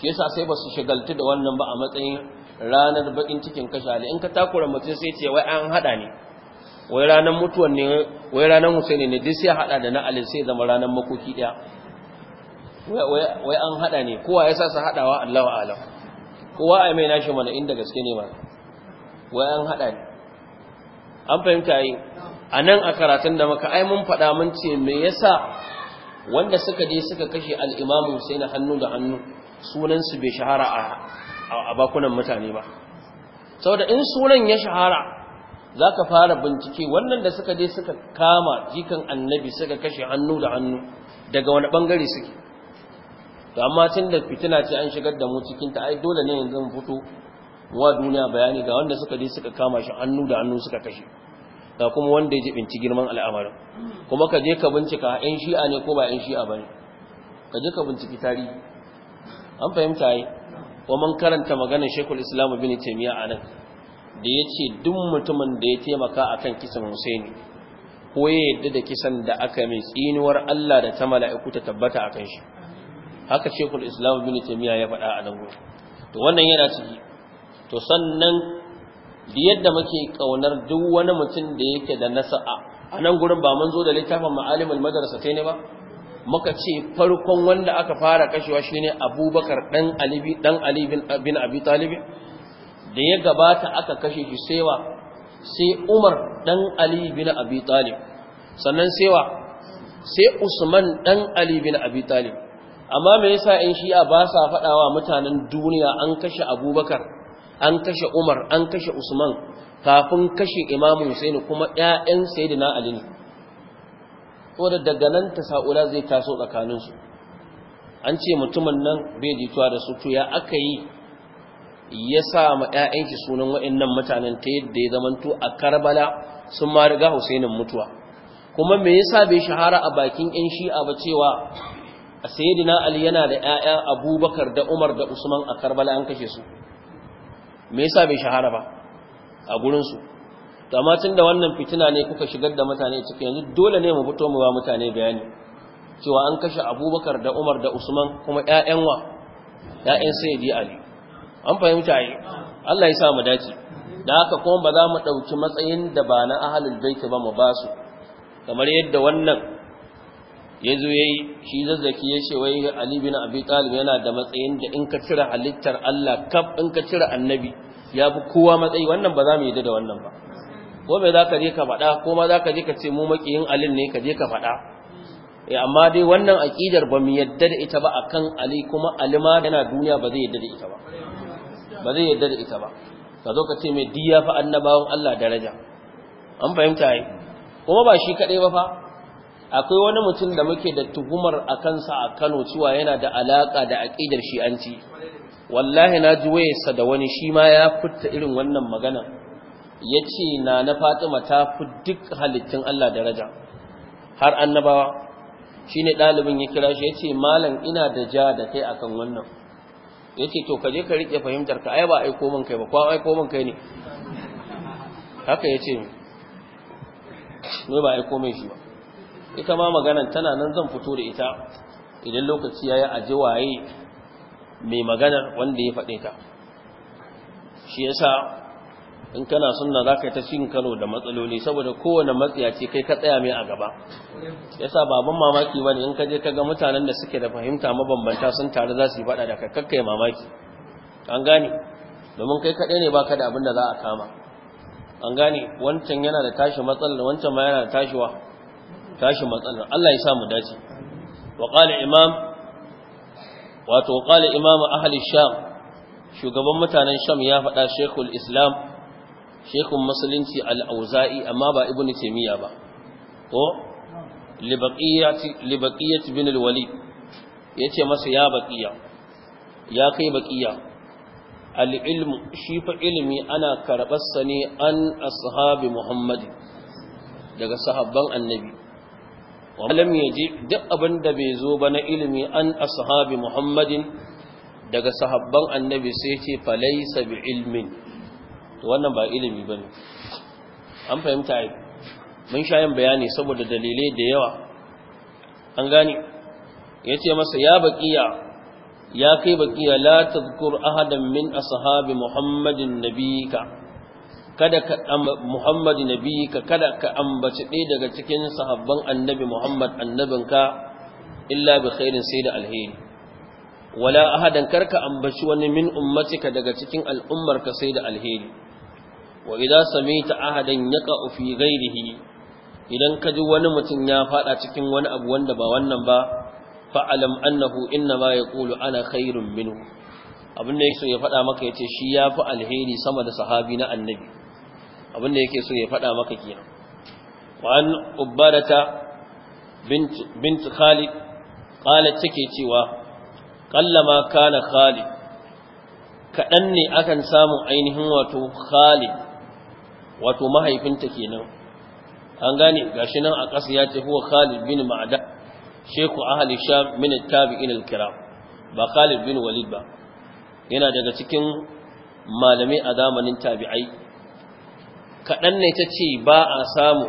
shi yasa sai ba su shagaltu da wannan ba a matsayin ranar bakin cikin kashe Ali in ka takura mutum sai ce wai an hada ne wai ranar mutuwan ne wai ranar Husaini ne duk sai hada da na Ali sai zama ranar makoki daya wai an hada ne kowa yasa su hadawa Allahu a'lam kowa ai mai nashi mana inda gaske ne ma wai an hada ne an fahimta yi a nan a karatun da maka ai mun faɗa mun ce me yasa wanda suka je suka kashe al'imamu sai na hannu da hannu sunansu bai shahara a bakunan mutane ba saboda in sunan ya shahara za ka fara bincike wannan da suka je suka kama jikan annabi suka kashe hannu da hannu daga wani ɓangare suke to amma tun da fitina ce an shigar da mu cikinta ai dole ne yanzu fito wa duniya bayani ga wanda suka je suka kama shi hannu da hannu suka kashe da kuma wanda ya jibinci girman al'amarin kuma ka je ka bincika yan shi'a ne ko ba yan shi'a ne ka je ka binciki tarihi an fahimta yi wa man karanta maganar shekul islam bin taimiyya a nan da ya ce duk mutumin da ya taimaka a kan kisan husaini ko ya yadda da kisan da aka mai tsinuwar allah da ta mala'iku ta tabbata a kan shi haka shekul islam bin taimiyya ya faɗa a nan to wannan yana ciki to sannan da yadda muke kaunar duk wani mutum da yake da nasa'a a nan gurin ba mun zo da littafin ma'alimul madrasa ne ba muka ce farkon wanda aka fara kashewa shine Abubakar dan Ali dan Ali bin Abi Talib da ya gabata aka kashe shi sewa sai Umar dan Ali bin Abi Talib sannan sewa sai Usman dan Ali bin Abi Talib amma me yasa in shi a ba sa faɗawa mutanen duniya an kashe Abubakar an kashe Umar an kashe Usman kafin kashe Imam ne kuma ƴaƴan Sayyidina Ali ne da daga nan ta sa'ula zai taso tsakaninsu, an ce mutumin nan bai jituwa da su to ya aka yi ya sa ma ƴaƴan shi sunan waɗannan mutanen ta yadda ya zamanto a Karbala sun ma riga Husainin mutuwa kuma me yasa bai shahara a bakin ƴan shi'a ba cewa sayyidina Ali yana da ƴaƴa Abubakar da Umar da Usman a Karbala an kashe su me yasa bai shahara ba a gurinsu amma tun da wannan fitina ne kuka shigar da mutane cikin yanzu dole ne mu fito mu ba mutane bayani cewa an kashe abubakar da umar da usman kuma 'ya'yan wa 'ya'yan sayyidi ali an fahimta yi allah ya sa mu dace da haka kuma ba za mu ɗauki matsayin da ba na ahalul baiti ba mu ba su kamar yadda wannan ya zo ya yi shi zazzaki ya ce wai ali bin abi talib yana da matsayin da in ka cire halittar Allah kaf in ka cire annabi ya fi kowa matsayi wannan ba za mu yadda da wannan ba ko me za ka je ka faɗa ko ma za ka je ka ce mu makiyin alin ne ka je ka faɗa eh, amma dai wannan aqidar ba mu yadda da ita ba akan ali kuma alima yana duniya ba zai yadda da ita ba ba zai yadda da ita ba ka zo ka ce mai diya fa annabawan Allah daraja an fahimta yi kuma ba shi kadai ba fa akwai wani mutum da muke da tuhumar a kansa a Kano cewa yana da alaka da aƙidar shi'anci wallahi na ji wayarsa da wani shi ma ya fita irin wannan magana Ya ce na na Fatima ta fi duk halittun Allah daraja har annabawa ne ɗalibin ya kira shi ya ce malam ina da ja da kai akan wannan Ya ce to kaje ka riƙe fahimtar ka ai ba aiko min kai ba kwan aiko min kai ne haka yace ne ba aiko min shi ba ita ma maganan tana nan zan fito da ita idan lokaci ya yi ji waye mai maganar wanda ya faɗe ta shi yasa in kana sunna za ka yi ta cin karo da matsaloli saboda kowane ce kai ka tsaya mai a gaba yasa baban mamaki ba ne in ka je ka ga mutanen da suke da fahimta mabambanta sun tare za su yi faɗa da kakkai mamaki an gane domin kai kaɗai ne baka da abin da za a kama an gane wancan yana da tashi matsalar wancan ma yana da tashiwa tashi matsalar Allah ya samu dace wa qala imam wato qala imam ahli sham shugaban mutanen sham ya faɗa shaykhul islam shaykhun musulunci al-auza'i amma ba ibnu taymiya ba ko libaqiyati libaqiyati bin al-walid yace masa ya baqiya ya kai baqiya al'ilmu shi fa ilimi ana sa ne an ashabi Muhammad daga sahabban annabi wa يجي duk abin da bai zo ba na ilimi an ashabi muhammadin daga sahabban annabi sai ce falaysa bi ilmin wannan ba ilimi bane an fahimta ai mun sha yin bayani saboda dalilai da yawa an gane yace masa ya baqiya ya kai baqiya la tadhkur ahadan min ashabi muhammadin nabika kada ka Muhammad nabi ka kada ka ambaci ɗaya daga cikin sahabban annabi Muhammad annabinka illa bi khairin sai da alheri wala ahadan karka ambaci wani min ummatika daga cikin al'ummarka sai da alheri wa idza samita ahadan yaqa'u fi ghairihi idan ka ji wani mutum ya faɗa cikin wani abu wanda ba wannan ba fa'alam annahu inna ma yaqulu ana khairun minhu abin da yake so ya faɗa maka ya ce shi yafi alheri sama da sahabi na annabi abin da yake so ya faɗa maka kenan wa an ubbadata bint khalid qalat take cewa ƙallama kana khalid kaɗan ne akan samun ainihin wato khalid wato mahaifinta kenan an gane gashi nan a ƙasa ya tafi wa khalid bin ma'ada sheku ahli sham min tabi'in al-kiram ba khalid bin walid ba yana daga cikin malamai a zamanin tabi'ai kaɗan ne ta ce ba a samu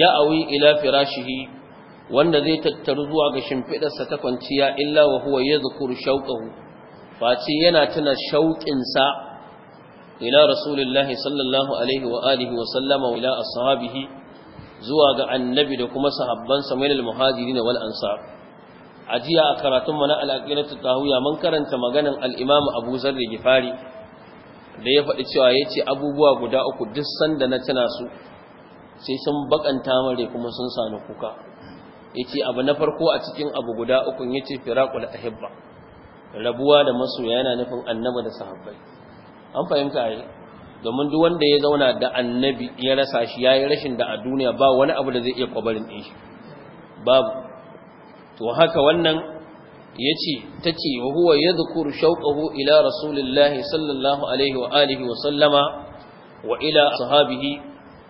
ya awi ila firashihi wanda zai tattaru zuwa ga shimfiɗarsa ta kwanciya illa wa huwa ya zukuru shauƙahu face yana tuna shauƙinsa ila rasulullahi sallallahu alaihi wa alihi wa sallama ila ashabihi zuwa ga annabi da kuma sahabbansa min al-muhajirin wal ansar ajiya a karatun mana al-aqidatu tahawiya mun karanta maganan al-imam Abu Zarri Gifari da ya faɗi cewa ya ce abubuwa guda uku duk sanda na tana su sai sun baƙanta mare kuma sun sani kuka ya ce abu na farko a cikin abu guda uku, ya ce firaƙul ahibba rabuwa da masoya yana nufin annaba da sahabbai an fahimta yi domin duk wanda ya zauna da annabi ya rasa shi ya yi rashin da a duniya ba wani abu da zai iya kwabarin ɗin shi babu to haka wannan yace tace wa huwa yadhkuru shauqahu ila rasulillahi sallallahu alaihi wa alihi wa sallama wa ila sahabihi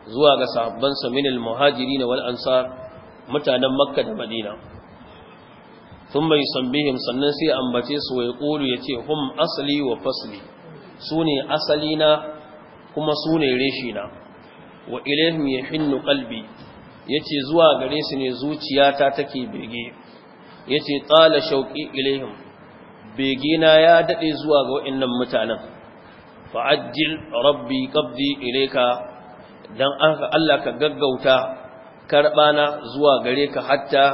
zuwa ga sahabbansa min almuhajirin wal ansar mutanen makka da madina thumma yusabbihim sannan sai ambace su wai ya yace hum asli wa fasli sune na kuma sune reshina wa ilaihim yahinnu qalbi yace zuwa gare su ne zuciyata take bege ya ce tsala shauƙi ilihim begina ya daɗe zuwa ga waɗannan mutanen fa'ajjil rabbi ƙabdi ilaika don Allah ka gaggauta karɓana zuwa gare ka hatta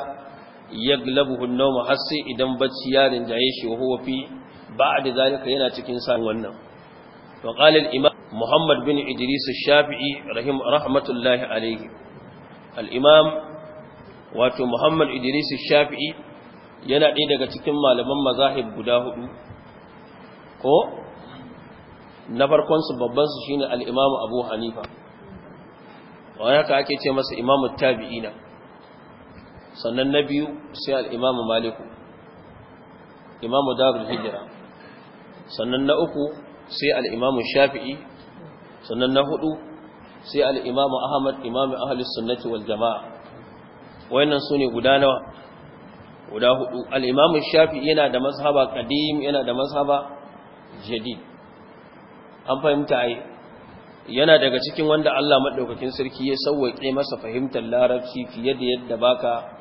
ya glabuhun har sai idan bacci ya rinjaye shi wa huwafi ba da zalika yana cikin sa wannan wa imam muhammad bin idris shafi'i rahim rahmatullahi alaihi al-imam wato muhammad idris shafi'i yana ɗaya daga cikin malaman mazahib guda hudu ko na farkonsu babbansu shi ne al'imamu abu hanifa wani haka ake ce masa imamu tabi'ina sannan na biyu sai al'imamu maliku imamu darul hijira sannan na uku sai al'imamu shafi'i sannan na hudu sai al'imamu ahmad imamu ahalus sunnati wal jama'a wayannan su ne guda nawa guda hudu al’imamu shafi yana da mazhaba ƙadim yana da mazhaba jadid an fahimta ai yana daga cikin wanda Allah maɗaukakin sarki ya sauwaƙe masa fahimtar larabci fiye da yadda baka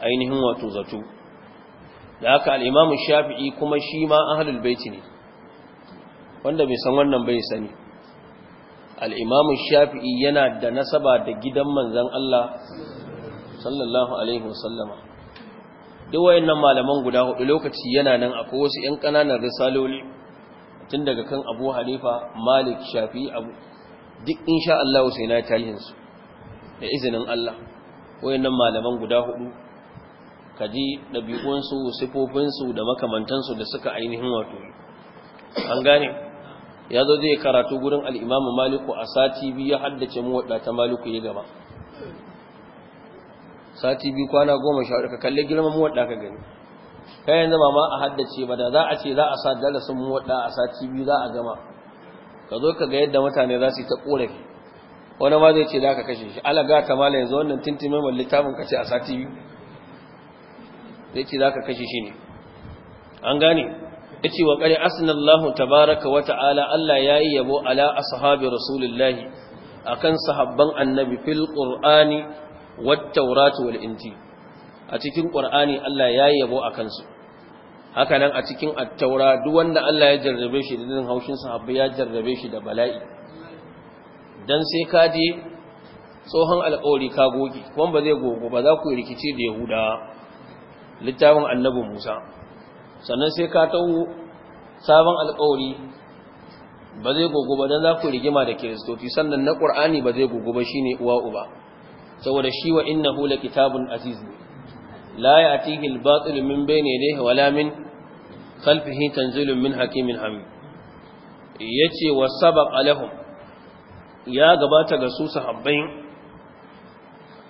ainihin wato zato da haka al’imamu shafi'i kuma shi ma an ahlul baiti ne wanda bai san wannan bai sani al’imamu shafi'i yana da nasaba da gidan manzan Allah sallallahu alaihi wasallama duk wayannan malaman guda hudu lokaci yana nan a wasu 'yan kananan risaloli tun daga kan Abu halifa Malik Shafi Abu duk insha Allah sai na tarihin su da izinin Allah nan malaman guda hudu kaji dabi'un su sifofin da makamantansu da suka ainihin wato an gane ya zo zai karatu gurin al Maliku a sati biyu ya haddace mu wadda ta Malik ya gaba sati biyu kwana goma sha ka kalli girman muwadda ka gani kai yanzu ba ma a haddace ba da za a ce za a sa darasin muwadda a sati biyu za a gama ka zo ka ga yadda mutane za su yi ta korafi wani ma zai ce za ka kashe shi alaga ta mala yanzu wannan tintimin mai littafin ka ce a sati biyu zai ce za ka kashe shi ne an gane ya ce wa ƙari asinallahu tabaraka wa ta'ala Allah ya yi yabo ala ashabi rasulullahi akan sahabban annabi fil qur'ani wat wal injil a cikin qur'ani Allah ya yabo akan su haka nan a cikin ataura duk wanda Allah ya jarrabe shi da jin haushin sahabbai ya jarrabe shi da bala'i dan sai ka je tsohon alƙawari ka goge kuma ba zai gogo ba za ku rikici da yahuda littafin annabi Musa sannan sai ka tawo sabon alƙawari ba zai gogo ba dan za ku rigima da kiristoci sannan na qur'ani ba zai gogo ba shine uwa uba saboda shi wa innahu kitabun aziz la ya'tihi al-batil min bayni yadayhi wala min khalfihi tanzilun min hakimin hamid yace wa sabaq alahum ya gabata ga su sahabbai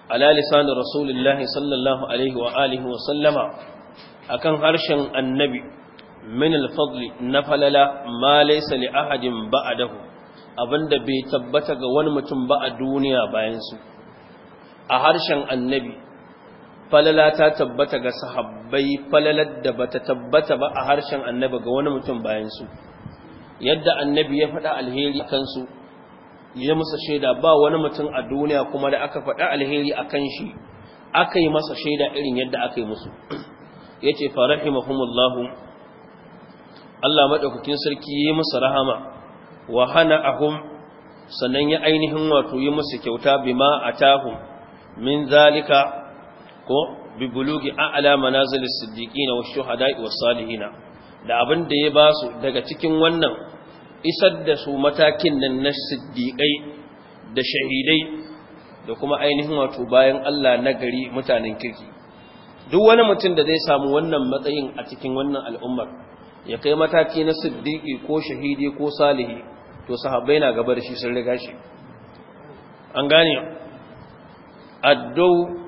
ala lisan rasulullahi sallallahu alaihi wa alihi wa sallama akan harshen annabi min al na falala ma laysa li ahadin ba'dahu abinda bai tabbata ga wani mutum ba a duniya bayan su a harshen annabi falala ta tabbata ga sahabbai falalar da bata tabbata ba a harshen annabi ga wani mutum bayansu. yadda annabi ya faɗa alheri a su ya musa shaida ba wani mutum a duniya kuma da aka faɗa alheri a kan shi aka yi masa shaida irin yadda aka yi musu ya ce farahimahumullahu Allah maɗaukakin sarki ya yi musu rahama wa hana ahum sannan ya ainihin wato yi musu kyauta bima a tahun min zalika ko bi bulugi a'la manazil as da abin da ya ba su daga cikin wannan isar da su matakin nan na siddiqai da shahidai da kuma ainihin wato bayan Allah na gari mutanen kirki duk wani mutum da zai samu wannan matsayin a cikin wannan al'ummar ya kai mataki na siddiqi ko shahidi ko salihi to sahabbai na gaba da shi sun riga shi an gane addu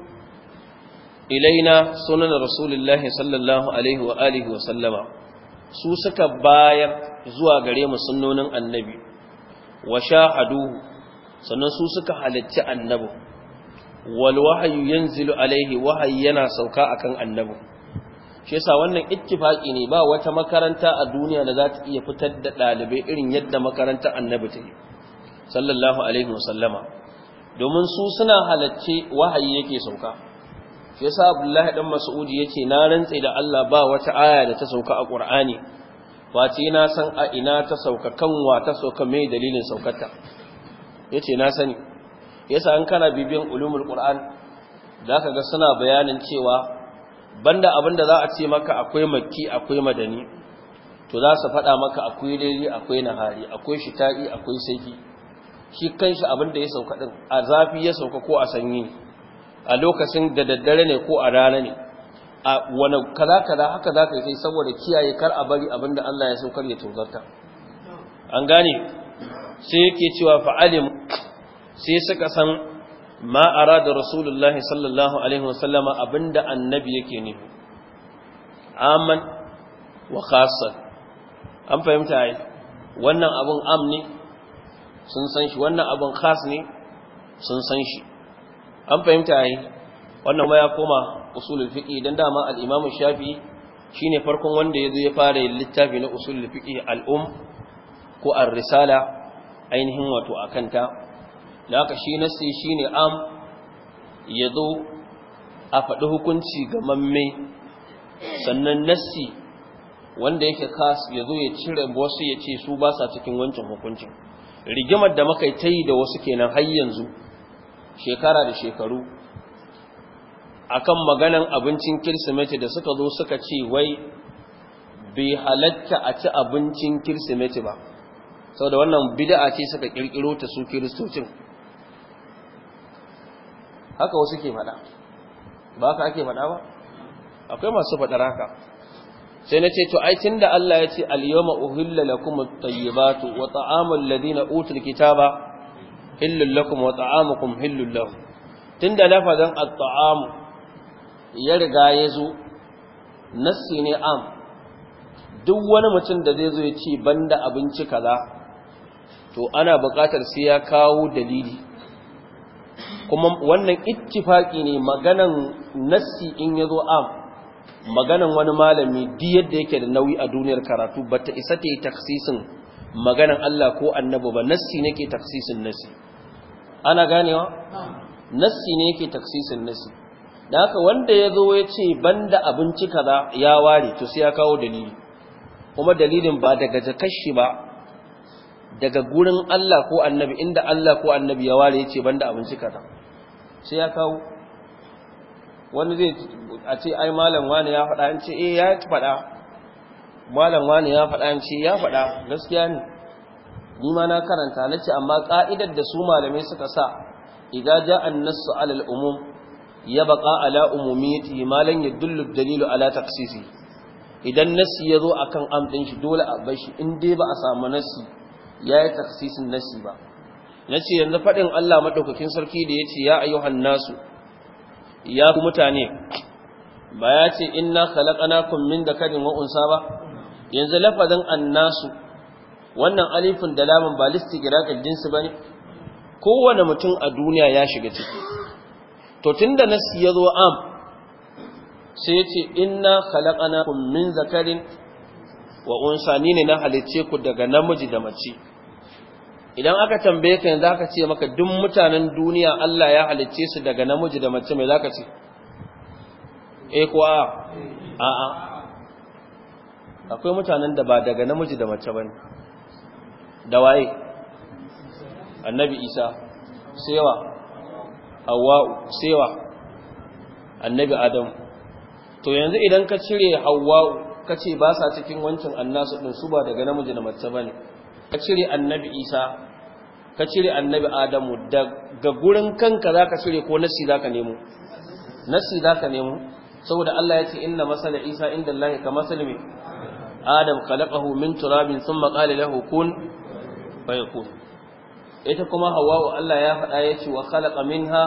ilaina sunan rasulullahi sallallahu alaihi wa alihi wa sallama su suka bayar zuwa gare mu sunnonin annabi wa shahadu sannan su suka halarci annabi wal wahyu yanzilu alaihi wahayi yana sauka akan annabi shi yasa wannan ittifaki ne ba wata makaranta a duniya da za ta iya fitar da ɗalibai irin yadda makaranta annabi ta yi sallallahu alaihi wa sallama. domin su suna halacce wahayi yake sauka shi yasa abdullahi dan mas'udi yace na rantse da Allah ba wata aya da ta sauka a qur'ani wace na san a ina ta sauka kan wa ta sauka mai dalilin saukarta yace na sani yasa an kana bibiyan ulumul qur'an zaka ga suna bayanin cewa banda abinda za a ce maka akwai makki akwai madani to za su faɗa maka akwai dare akwai nahari akwai shita'i akwai saiki shi kanshi abin da ya sauka din a zafi ya sauka ko a sanyi a lokacin da daddare ne ko a rana ne a wani kaza kaza haka za ka yi sai saboda kiyaye kar a bari abin da Allah ya saukar ya tozarta an gane sai yake cewa fa'alim sai suka san ma'ara da rasulullahi sallallahu alaihi wasallama abinda annabi yake nufi aman wa khasar an fahimta yi wannan abin amni sun san shi wannan abin khas ne sun san shi an fahimta yi wannan ma ya koma usulul fiqh dan dama al-imam shafi shine farkon wanda yazo ya fara yin littafi na usulul fiqh al ko ar-risala ainihin wato kanta. da haka shi nasi shine am yazo a faɗi hukunci ga mamme sannan nasi wanda yake kas ya zo ya cire wasu ya ce su ba sa cikin wancan hukuncin rigimar da muka ta yi da wasu kenan har yanzu shekara da shekaru akan maganan abincin kirsimeti da suka zo suka ce wai bai halatta a ci abincin kirsimeti ba saboda wannan bid'a ce suka kirkiro ta su kiristocin haka wasu ke faɗa ba haka ake faɗa ba akwai masu faɗar sai na ce to ai tunda Allah ya ce al-yawma uhilla lakum at-tayyibatu wa ta'amul ladina utul kitaba hillul lakum wa ta'amukum hillu lahum tunda lafazan at-ta'am ya riga ya zo nassi ne am duk wani mutum da zai zo ya ce banda abinci kaza to ana buƙatar sai ya kawo dalili kuma wannan ittifaqi ne maganan nassi in yazo am maganan wani malami di yadda yake da nauyi a duniyar karatu ba ta isa ta yi taksisin maganan Allah ko annabi ba nassi ne ke taksisin nassi ana ganewa nassi ne ke taksisin nassi da haka wanda ya zo ya ce banda abinci kaza ya ware to sai ya kawo dalili kuma dalilin ba daga jakashi ba daga gurin Allah ko annabi inda Allah ko annabi ya ware ya ce banda abinci kaza sai ya kawo wani zai a ce ai malam wani ya faɗa an ce eh ya faɗa malam wani ya faɗa an ce ya faɗa gaskiya ne ni ma na karanta nace amma ka'idar da su malamai suka sa idza ja'a an-nassu 'ala al-umum yabqa 'ala umumiyati ma lan yadullu ad-dalilu 'ala taqsisi idan nassi yazo akan am din shi dole a bar shi in dai ba a samu nassi yayi taqsisin nasi ba nace yanzu fadin Allah madaukakin sarki da yace ya ayyuhan nasu ya ku mutane ba ya ce inna khalaqnakum min dakarin wa unsa ba yanzu lafazin annasu wannan alifin da lamun ba listigiraqil jinsi bane kowane mutum a duniya ya shiga ciki to tunda nasi yazo zo am sai ya ce inna khalaqnakum min dakarin wa unsa ni ne na halicce ku daga namiji da mace idan aka tambaye ka yanzu aka ce maka duk mutanen duniya Allah ya halicce su daga namiji da mace mai zaka ce eh ko a a akwai mutanen da ba daga namiji da mace bane da waye annabi isa sewa hawa sewa annabi adam to yanzu idan ka cire ka ce ba sa cikin wancin annasu din su ba daga namiji da mace bane ka cire annabi isa ka cire annabi adamu daga gurin kanka za ka cire ko Nassi, za ka nemo Nassi za ka nemo saboda allah ya ce inna masala isa inda allahi ka masala mai adam kalakahu min turabin sun qala lahu kun fayakun ita kuma wa Allah ya faɗa ya ce, wa zau minha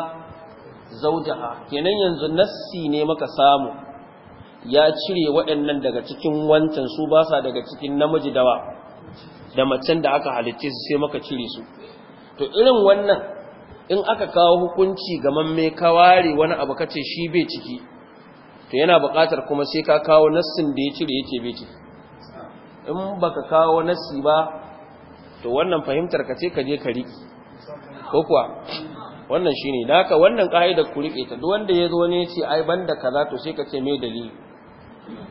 zaujaha kenan yanzu nassi ne maka samu ya cire waɗannan daga cikin wancan su ba sa daga cikin namiji dawa da macen da aka halicce su sai maka cire su to irin wannan in aka kawo hukunci ga mamme ka ware wani abu kace shi bai ciki to yana buƙatar kuma sai ka kawo nassin da ya cire yake bai ciki in baka kawo nassi ba to wannan fahimtar ka ce ka je ka riki ko kuwa wannan shine da haka wannan kaida ku rike ta duk wanda yazo ne ya ce ai banda kaza to sai ka ce me dalili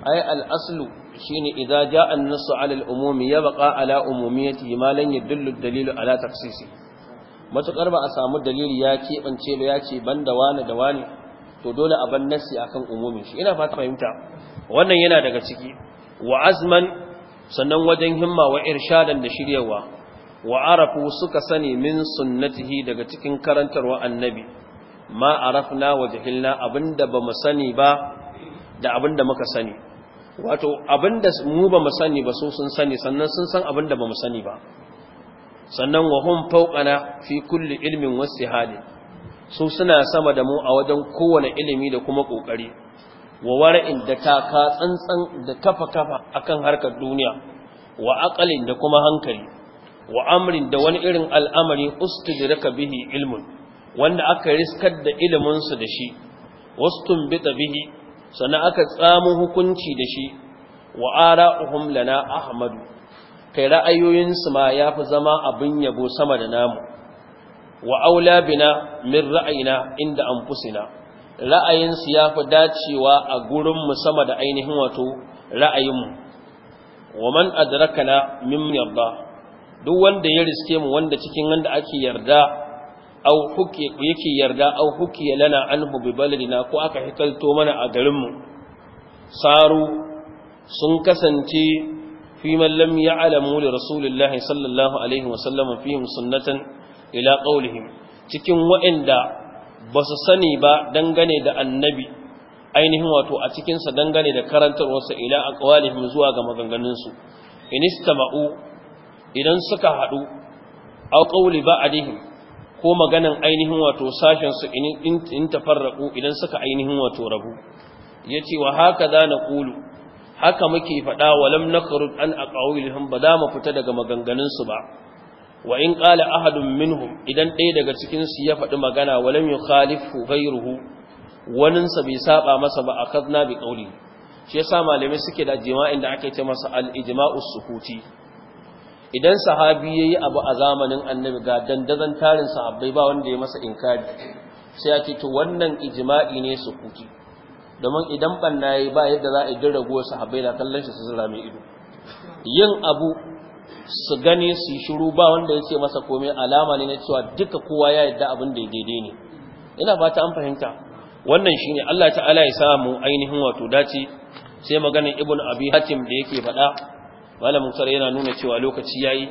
ai al-aslu shine idza jaa an-nassu 'ala al-umumi yabqa 'ala umumiyatihi ma lan yadullu ad-dalilu 'ala takhsisi matukar ba a samu dalili ya keɓance ba ya ce ban wani da wani to dole a ban nassi akan umumin shi ina fata fahimta wannan yana daga ciki wa azman sannan wajen himma wa irshadan da shiryawa wa arafu suka sani min sunnatihi daga cikin karantarwa annabi ma arafna wa jahilna abinda bamu sani ba da abinda muka sani wato abinda mu ba mu sani ba su sun sani sannan sun san abinda ba mu sani ba sannan wa hum fawqana fi kulli ilmin wastihadin su suna sama da mu a wajen kowane ilimi da kuma kokari wa wara'in da taka tsantsan da kafa kafa akan harkar duniya wa aqalin da kuma hankali wa amrin da wani irin al'amari ustidraka bihi ilmun wanda aka riskar da ilimin su da shi wastunbita bihi sannan aka tsamu hukunci da shi wa uhum lana ahmadu kai ra'ayoyinsu ma ya fi zama abin yabo sama da namu wa aula bina min ra'ayina inda an fusina. ra'ayinsu fi dacewa a gurin mu sama da ainihin wato ra'ayinmu wa man adrakana min yarda duk wanda ya riske mu wanda cikin wanda ake yarda aw huki yake yarda aw huki lana anhu bi baladina ko aka hikalto mana a garin mu saru sun kasance fi man lam ya'lamu li rasulillahi sallallahu alaihi wa sallam fi sunnatan ila qawlihim cikin wa'anda basu sani ba dangane da annabi ainihin wato a cikin sa dangane da karantarwarsa ila aqwalihim zuwa ga maganganun su inistama'u idan suka hadu au qawli ba'dihim ko maganan ainihin wato sashen su in tafarraku idan suka ainihin wato rabu yace wa haka za na ƙulu haka muke faɗa walam nakrud an aqawilhum ba za mu fita daga maganganun su ba wa in qala ahadun minhum idan ɗaya daga cikin su ya faɗi magana walam yukhalifu bai ruhu. sa bai saba masa ba akadna bi qawli shi yasa malamai suke da jima'in da ake ce masa al-ijma'us sukuti idan sahabi ya yi abu a zamanin annabi ga dandazan tarin sahabbai ba wanda ya masa inkari sai ya ce wannan ijma'i ne su kuki. domin idan banna yi ba yadda za a yi rago sahabbai da kallon shi su zira mai ido yin abu su gani su shiru ba wanda ya ce masa komai alama ne na cewa duka kowa ya yadda abin da ya daidai ne ina fata an fahimta wannan shine Allah ta'ala ya samu ainihin wato dace sai maganin ibn abi hatim da yake faɗa Malam sar yana nuna cewa lokaci yayi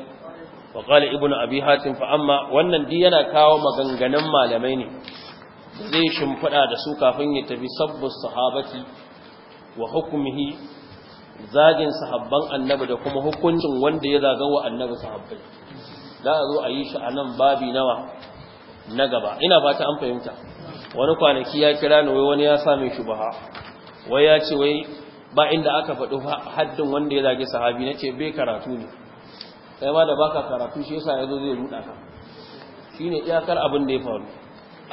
wa qala ibnu abi hatim fa amma wannan din yana kawo maganganun malamai ne zai shimfida da su kafin ya tafi sabbus sahabati wa hukmihi zagin sahabban annabi da kuma hukuncin wanda ya zaga wa annabi sahabbai za a zo a yi shi a nan babi nawa na gaba ina fata an fahimta wani kwanaki ya kira ni wai wani ya same shubaha wai ya ce wai ba inda aka faɗi haddin wanda ya zage sahabi na ce bai karatu ne sai ma da baka karatu shi yasa yazo zai ruda ka shine iyakar abin da ya faru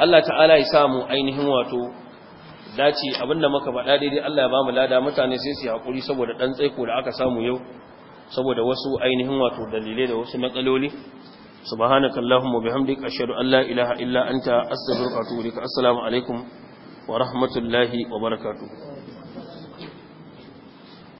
Allah ta'ala ya samu ainihin wato dace abinda muka faɗa daidai Allah ya ba mu lada mutane sai su hakuri saboda dan tsaiko da aka samu yau saboda wasu ainihin wato dalilai da wasu matsaloli سبحانك اللهم وبحمدك أشهد أن لا إله إلا أنت أستغفرك وأتوب Assalamu السلام عليكم ورحمة الله وبركاته